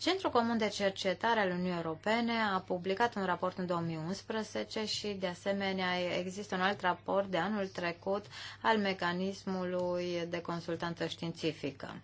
Centrul Comun de Cercetare al Uniunii Europene a publicat un raport în 2011 și, de asemenea, există un alt raport de anul trecut al mecanismului de consultanță științifică.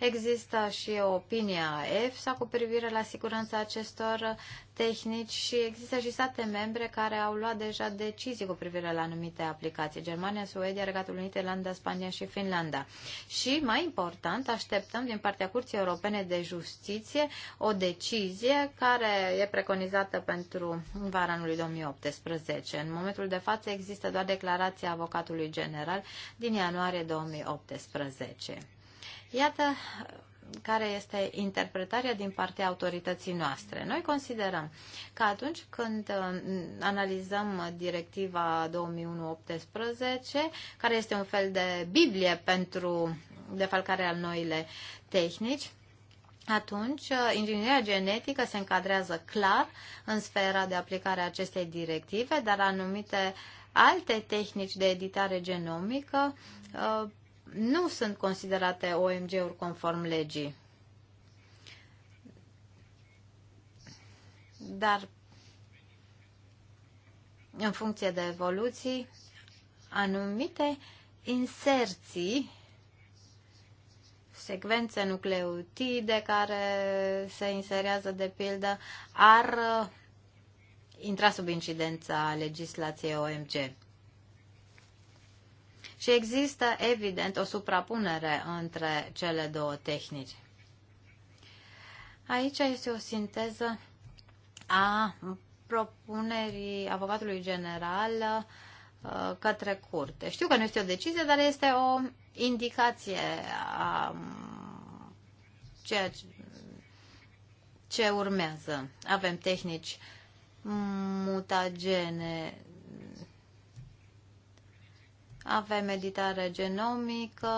Există și opinia EFSA cu privire la siguranța acestor tehnici și există și state membre care au luat deja decizii cu privire la anumite aplicații. Germania, Suedia, Regatul Unit, Irlanda, Spania și Finlanda. Și, mai important, așteptăm din partea Curții Europene de Justiție o decizie care e preconizată pentru vara anului 2018. În momentul de față există doar declarația avocatului general din ianuarie 2018. Iată uh, care este interpretarea din partea autorității noastre. Noi considerăm că atunci când uh, analizăm directiva 2018, care este un fel de Biblie pentru defalcarea al noile tehnici, atunci, uh, ingineria genetică se încadrează clar în sfera de aplicare a acestei directive, dar anumite alte tehnici de editare genomică nu sunt considerate OMG-uri conform legii. Dar în funcție de evoluții, anumite inserții, secvențe nucleotide care se inserează de pildă, ar uh, intra sub incidența legislației OMG. Și există, evident, o suprapunere între cele două tehnici. Aici este o sinteză a propunerii avocatului general uh, către curte. Știu că nu este o decizie, dar este o indicație a um, ceea ce urmează. Avem tehnici mutagene avem editare genomică,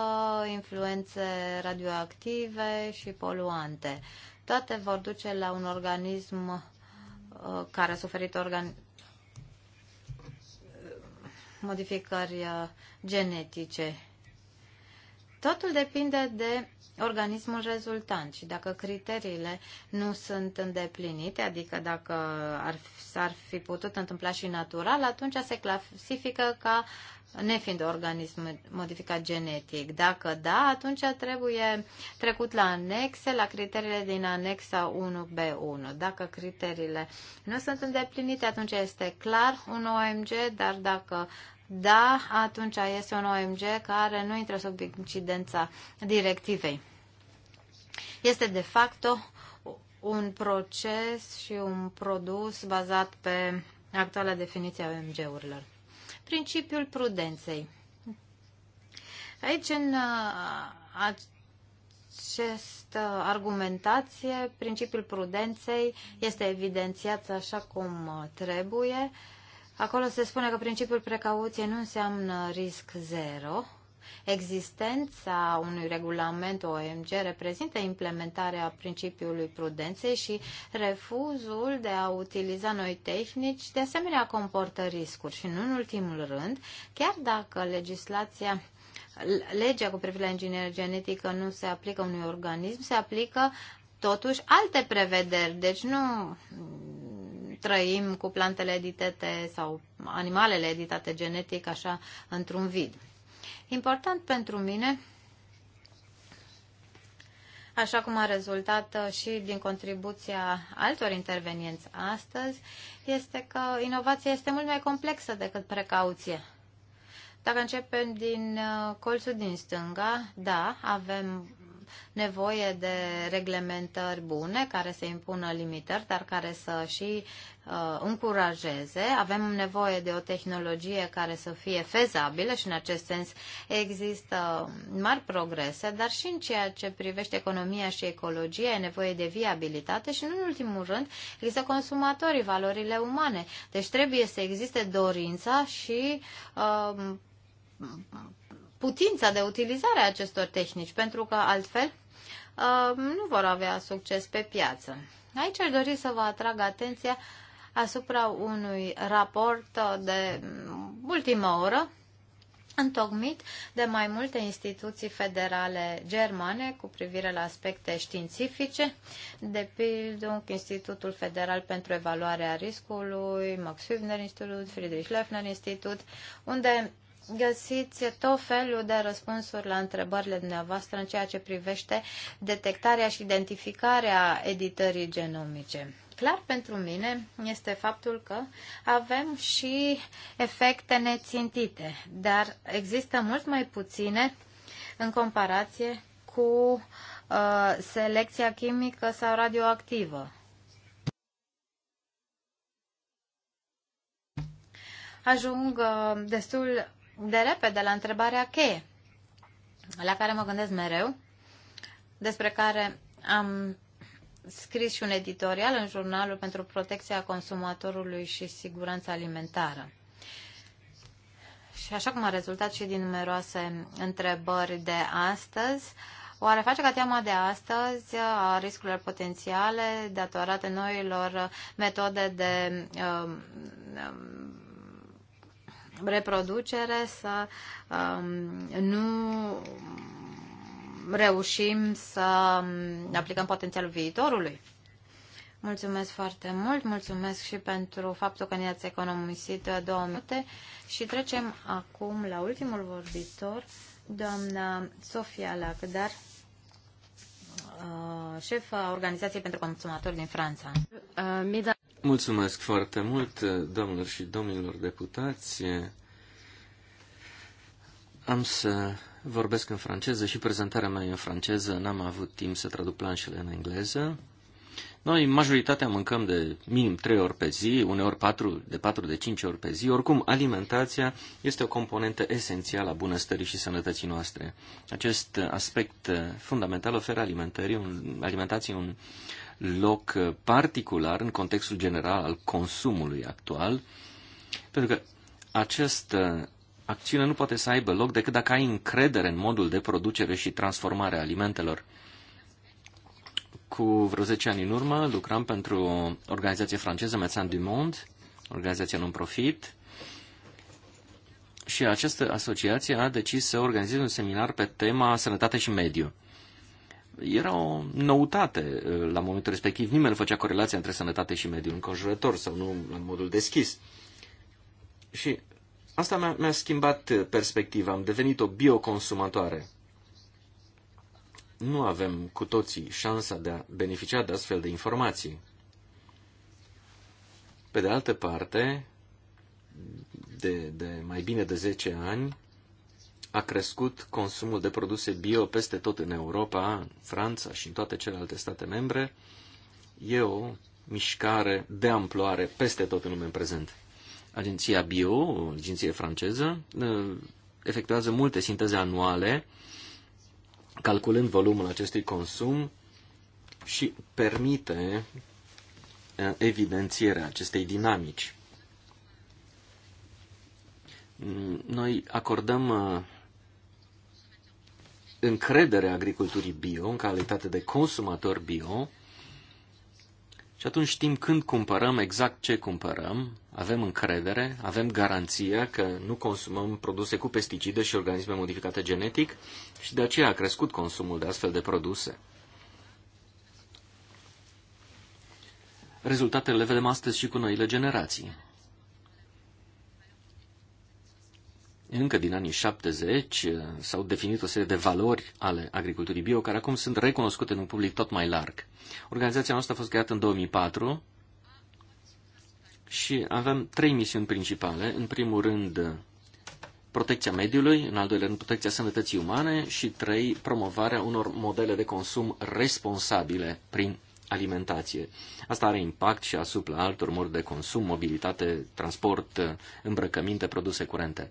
influențe radioactive și poluante. Toate vor duce la un organism uh, care a suferit organ... modificări uh, genetice. Totul depinde de organismul rezultant și dacă criteriile nu sunt îndeplinite, adică dacă ar, s-ar fi putut întâmpla și natural, atunci se clasifică ca nefiind organism modificat genetic. Dacă da, atunci trebuie trecut la anexe, la criteriile din anexa 1B1. Dacă criteriile nu sunt îndeplinite, atunci este clar un OMG, dar dacă da, atunci este un OMG care nu intră sub incidența directivei. Este de facto un proces și un produs bazat pe actuala definiție a OMG-urilor. Principiul prudenței. Aici, în această argumentație, principiul prudenței este evidențiat așa cum trebuie. Acolo se spune că principiul precauției nu înseamnă risc zero. Existența unui regulament OMG reprezintă implementarea principiului prudenței și refuzul de a utiliza noi tehnici de asemenea comportă riscuri și nu în ultimul rând, chiar dacă legislația legea cu privire la inginerie genetică nu se aplică unui organism, se aplică totuși alte prevederi. Deci nu trăim cu plantele editate sau animalele editate genetic așa într-un vid. Important pentru mine, așa cum a rezultat și din contribuția altor intervenienți astăzi, este că inovația este mult mai complexă decât precauție. Dacă începem din uh, colțul din stânga, da, avem nevoie de reglementări bune care să impună limitări, dar care să și uh, încurajeze. Avem nevoie de o tehnologie care să fie fezabilă și în acest sens există mari progrese, dar și în ceea ce privește economia și ecologia e nevoie de viabilitate și, în ultimul rând, există consumatorii, valorile umane. Deci trebuie să existe dorința și uh, putința de utilizare a acestor tehnici, pentru că altfel uh, nu vor avea succes pe piață. Aici aș dori să vă atrag atenția asupra unui raport de ultimă oră întocmit de mai multe instituții federale germane cu privire la aspecte științifice, de pildă Institutul Federal pentru Evaluarea Riscului, Max Hübner Institut, Friedrich Leffner Institut, unde găsiți tot felul de răspunsuri la întrebările dumneavoastră în ceea ce privește detectarea și identificarea editării genomice. Clar pentru mine este faptul că avem și efecte nețintite, dar există mult mai puține în comparație cu uh, selecția chimică sau radioactivă. Ajung uh, destul de repede la întrebarea cheie, la care mă gândesc mereu, despre care am scris și un editorial în jurnalul pentru protecția consumatorului și siguranța alimentară. Și așa cum a rezultat și din numeroase întrebări de astăzi, oare face ca teama de astăzi a riscurilor potențiale datorate noilor metode de uh, reproducere, să um, nu reușim să um, aplicăm potențialul viitorului. Mulțumesc foarte mult, mulțumesc și pentru faptul că ne-ați economisit două minute și trecem acum la ultimul vorbitor, doamna Sofia Lagdar. Uh, șefa Organizației pentru Consumatori din Franța. Uh, da- Mulțumesc foarte mult, domnilor și domnilor deputați. Am să vorbesc în franceză și prezentarea mea e în franceză. N-am avut timp să traduc planșele în engleză. Noi majoritatea mâncăm de minim 3 ori pe zi, uneori 4, de 4 de 5 ori pe zi. Oricum, alimentația este o componentă esențială a bunăstării și sănătății noastre. Acest aspect fundamental oferă alimentării, un, alimentației un loc particular în contextul general al consumului actual, pentru că această acțiune nu poate să aibă loc decât dacă ai încredere în modul de producere și transformare a alimentelor. Cu vreo 10 ani în urmă lucram pentru o organizație franceză, Médecins du Monde, organizația non-profit, și această asociație a decis să organizeze un seminar pe tema sănătate și mediu. Era o noutate uh, la momentul respectiv. Nimeni nu făcea corelația între sănătate și mediu înconjurător sau nu în modul deschis. Și asta mi-a, mi schimbat perspectiva. Am devenit o bioconsumatoare nu avem cu toții șansa de a beneficia de astfel de informații. Pe de altă parte, de, de mai bine de 10 ani, a crescut consumul de produse bio peste tot în Europa, în Franța și în toate celelalte state membre. E o mișcare de amploare peste tot în lume în prezent. Agenția Bio, o agenție franceză, eh, efectuează multe sinteze anuale calculând volumul acestui consum și permite eh, evidențierea acestei dinamici. Noi acordăm eh, încredere agriculturii bio în calitate de consumator bio și atunci știm când cumpărăm, exact ce cumpărăm, avem încredere, avem garanția că nu consumăm produse cu pesticide și organisme modificate genetic și de aceea a crescut consumul de astfel de produse. Rezultatele le vedem astăzi și cu noile generații. Încă din anii 70 uh, s-au definit o serie de valori ale agriculturii bio, care acum sunt recunoscute în un public tot mai larg. Organizația noastră a fost creată în 2004 și avem trei misiuni principale. În primul rând, uh, protecția mediului, în al doilea rând, protecția sănătății umane și trei, promovarea unor modele de consum responsabile prin alimentație. Asta are impact și asupra altor moduri de consum, mobilitate, transport, uh, îmbrăcăminte, produse curente.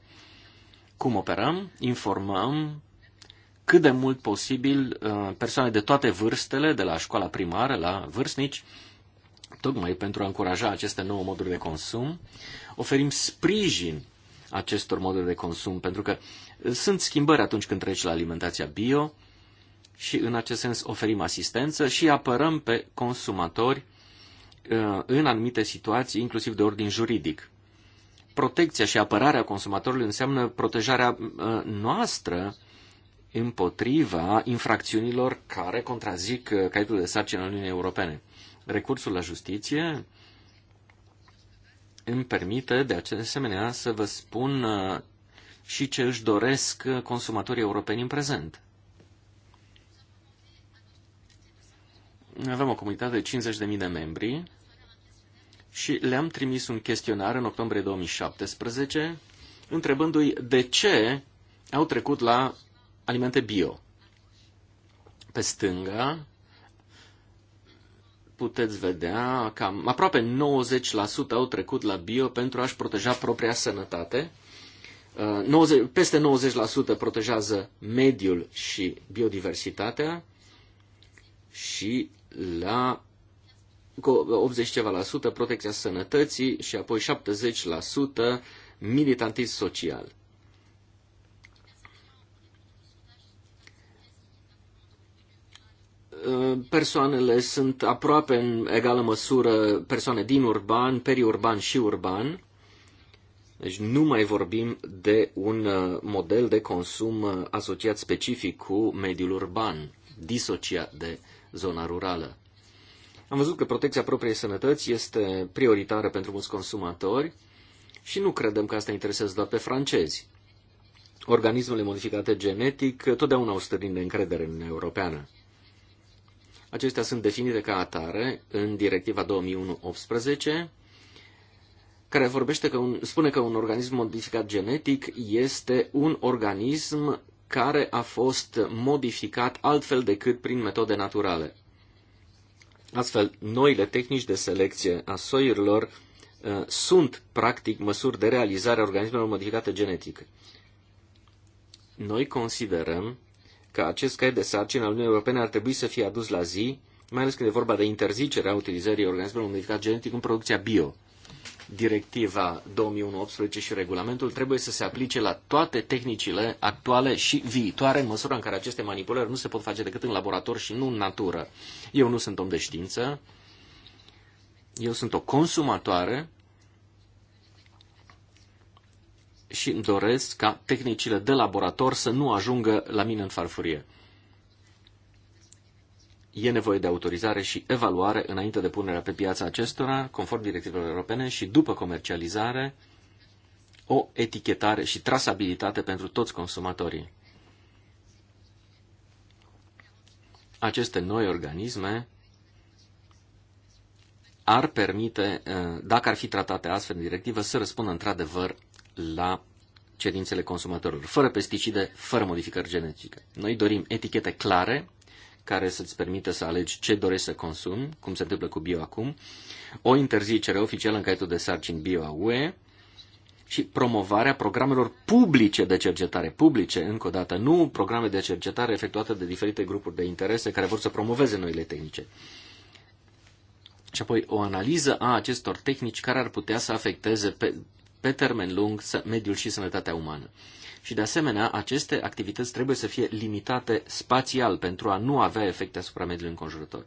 Cum operăm? Informăm cât de mult posibil uh, persoane de toate vârstele, de la școala primară la vârstnici, tocmai pentru a încuraja aceste nouă moduri de consum. Oferim sprijin acestor moduri de consum, pentru că uh, sunt schimbări atunci când treci la alimentația bio și în acest sens oferim asistență și apărăm pe consumatori uh, în anumite situații, inclusiv de ordin juridic protecția și apărarea consumatorului înseamnă protejarea uh, noastră împotriva infracțiunilor care contrazic uh, caietul de sarcină al Uniunii Europene. Recursul la justiție îmi permite, de asemenea, să vă spun uh, și ce își doresc consumatorii europeni în prezent. Avem o comunitate de 50.000 de membri și le-am trimis un chestionar în octombrie 2017, întrebându-i de ce au trecut la alimente bio. Pe stânga puteți vedea că aproape 90% au trecut la bio pentru a-și proteja propria sănătate. 90, uh, peste 90% protejează mediul și biodiversitatea și la cu 80 ceva la sută protecția sănătății și apoi 70% militantism social. Persoanele sunt aproape în egală măsură persoane din urban, periurban și urban. Deci nu mai vorbim de un uh, model de consum uh, asociat specific cu mediul urban, disociat de zona rurală. Am văzut că protecția propriei sănătăți este prioritară pentru mulți consumatori și nu credem că asta interesează doar pe francezi. Organismele modificate genetic totdeauna au stărit de încredere în Europeană. Acestea sunt definite ca atare în Directiva 2001-18, care vorbește că un, spune că un organism modificat genetic este un organism care a fost modificat altfel decât prin metode naturale. Astfel, noile tehnici de selecție a soiurilor uh, sunt, practic, măsuri de realizare a organismelor modificate genetic. Noi considerăm că acest caiet de sarcină al Uniunii Europene ar trebui să fie adus la zi, mai ales când e vorba de interzicerea utilizării organismelor modificate genetic în producția bio directiva 2018 și regulamentul trebuie să se aplice la toate tehnicile actuale și viitoare, în măsura în care aceste manipulări nu se pot face decât în laborator și nu în natură. Eu nu sunt om de știință, eu sunt o consumatoare și îmi doresc ca tehnicile de laborator să nu ajungă la mine în farfurie e nevoie de autorizare și evaluare înainte de punerea pe piața acestora, conform directivelor europene, și după comercializare, o etichetare și trasabilitate pentru toți consumatorii. Aceste noi organisme ar permite, eh, dacă ar fi tratate astfel în directivă, să răspundă într-adevăr la cerințele consumatorilor, fără pesticide, fără modificări genetice. Noi dorim etichete clare care să-ți permită să alegi ce dorești să consumi, cum se întâmplă cu bio acum, o interzicere oficială în caietul de sarcini bio a UE și promovarea programelor publice de cercetare, publice, încă o dată, nu programe de cercetare efectuate de diferite grupuri de interese care vor să promoveze noile tehnice. Și apoi o analiză a acestor tehnici care ar putea să afecteze pe, pe termen lung mediul și sănătatea umană. Și de asemenea, aceste activități trebuie să fie limitate spațial pentru a nu avea efecte asupra mediului înconjurător.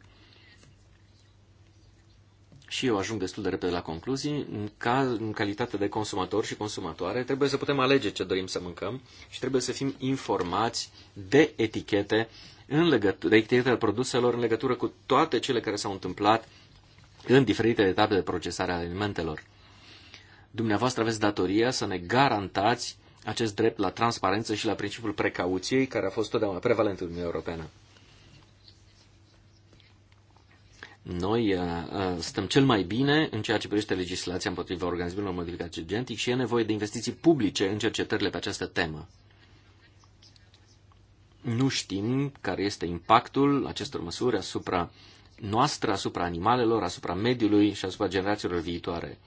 Și eu ajung destul de repede la concluzii. În, ca, în calitate de consumator și consumatoare, trebuie să putem alege ce dorim să mâncăm și trebuie să fim informați de etichete în legătură, de etichetele produselor în legătură cu toate cele care s-au întâmplat în diferite etape de procesare a alimentelor. Dumneavoastră aveți datoria să ne garantați acest drept la transparență și la principiul precauției care a fost totdeauna prevalent în Uniunea Europeană. Noi uh, uh, stăm cel mai bine în ceea ce privește legislația împotriva organismelor modificate genetic și e nevoie de investiții publice în cercetările pe această temă. Nu știm care este impactul acestor măsuri asupra noastră, asupra animalelor, asupra mediului și asupra generațiilor viitoare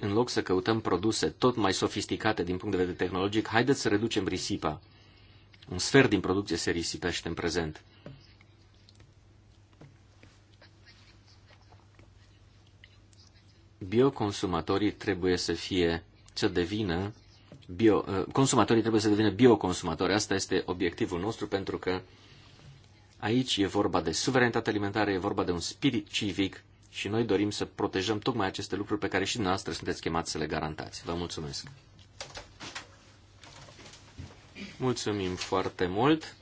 în loc să căutăm produse tot mai sofisticate din punct de vedere tehnologic, haideți să reducem risipa. Un sfert din producție se risipește în prezent. Bioconsumatorii trebuie să fie, să devină bio, uh, consumatorii trebuie să devină bioconsumatori. Asta este obiectivul nostru pentru că aici e vorba de suverenitate alimentară, e vorba de un spirit civic și noi dorim să protejăm tocmai aceste lucruri pe care și dumneavoastră sunteți chemați să le garantați. Vă mulțumesc! Mulțumim foarte mult!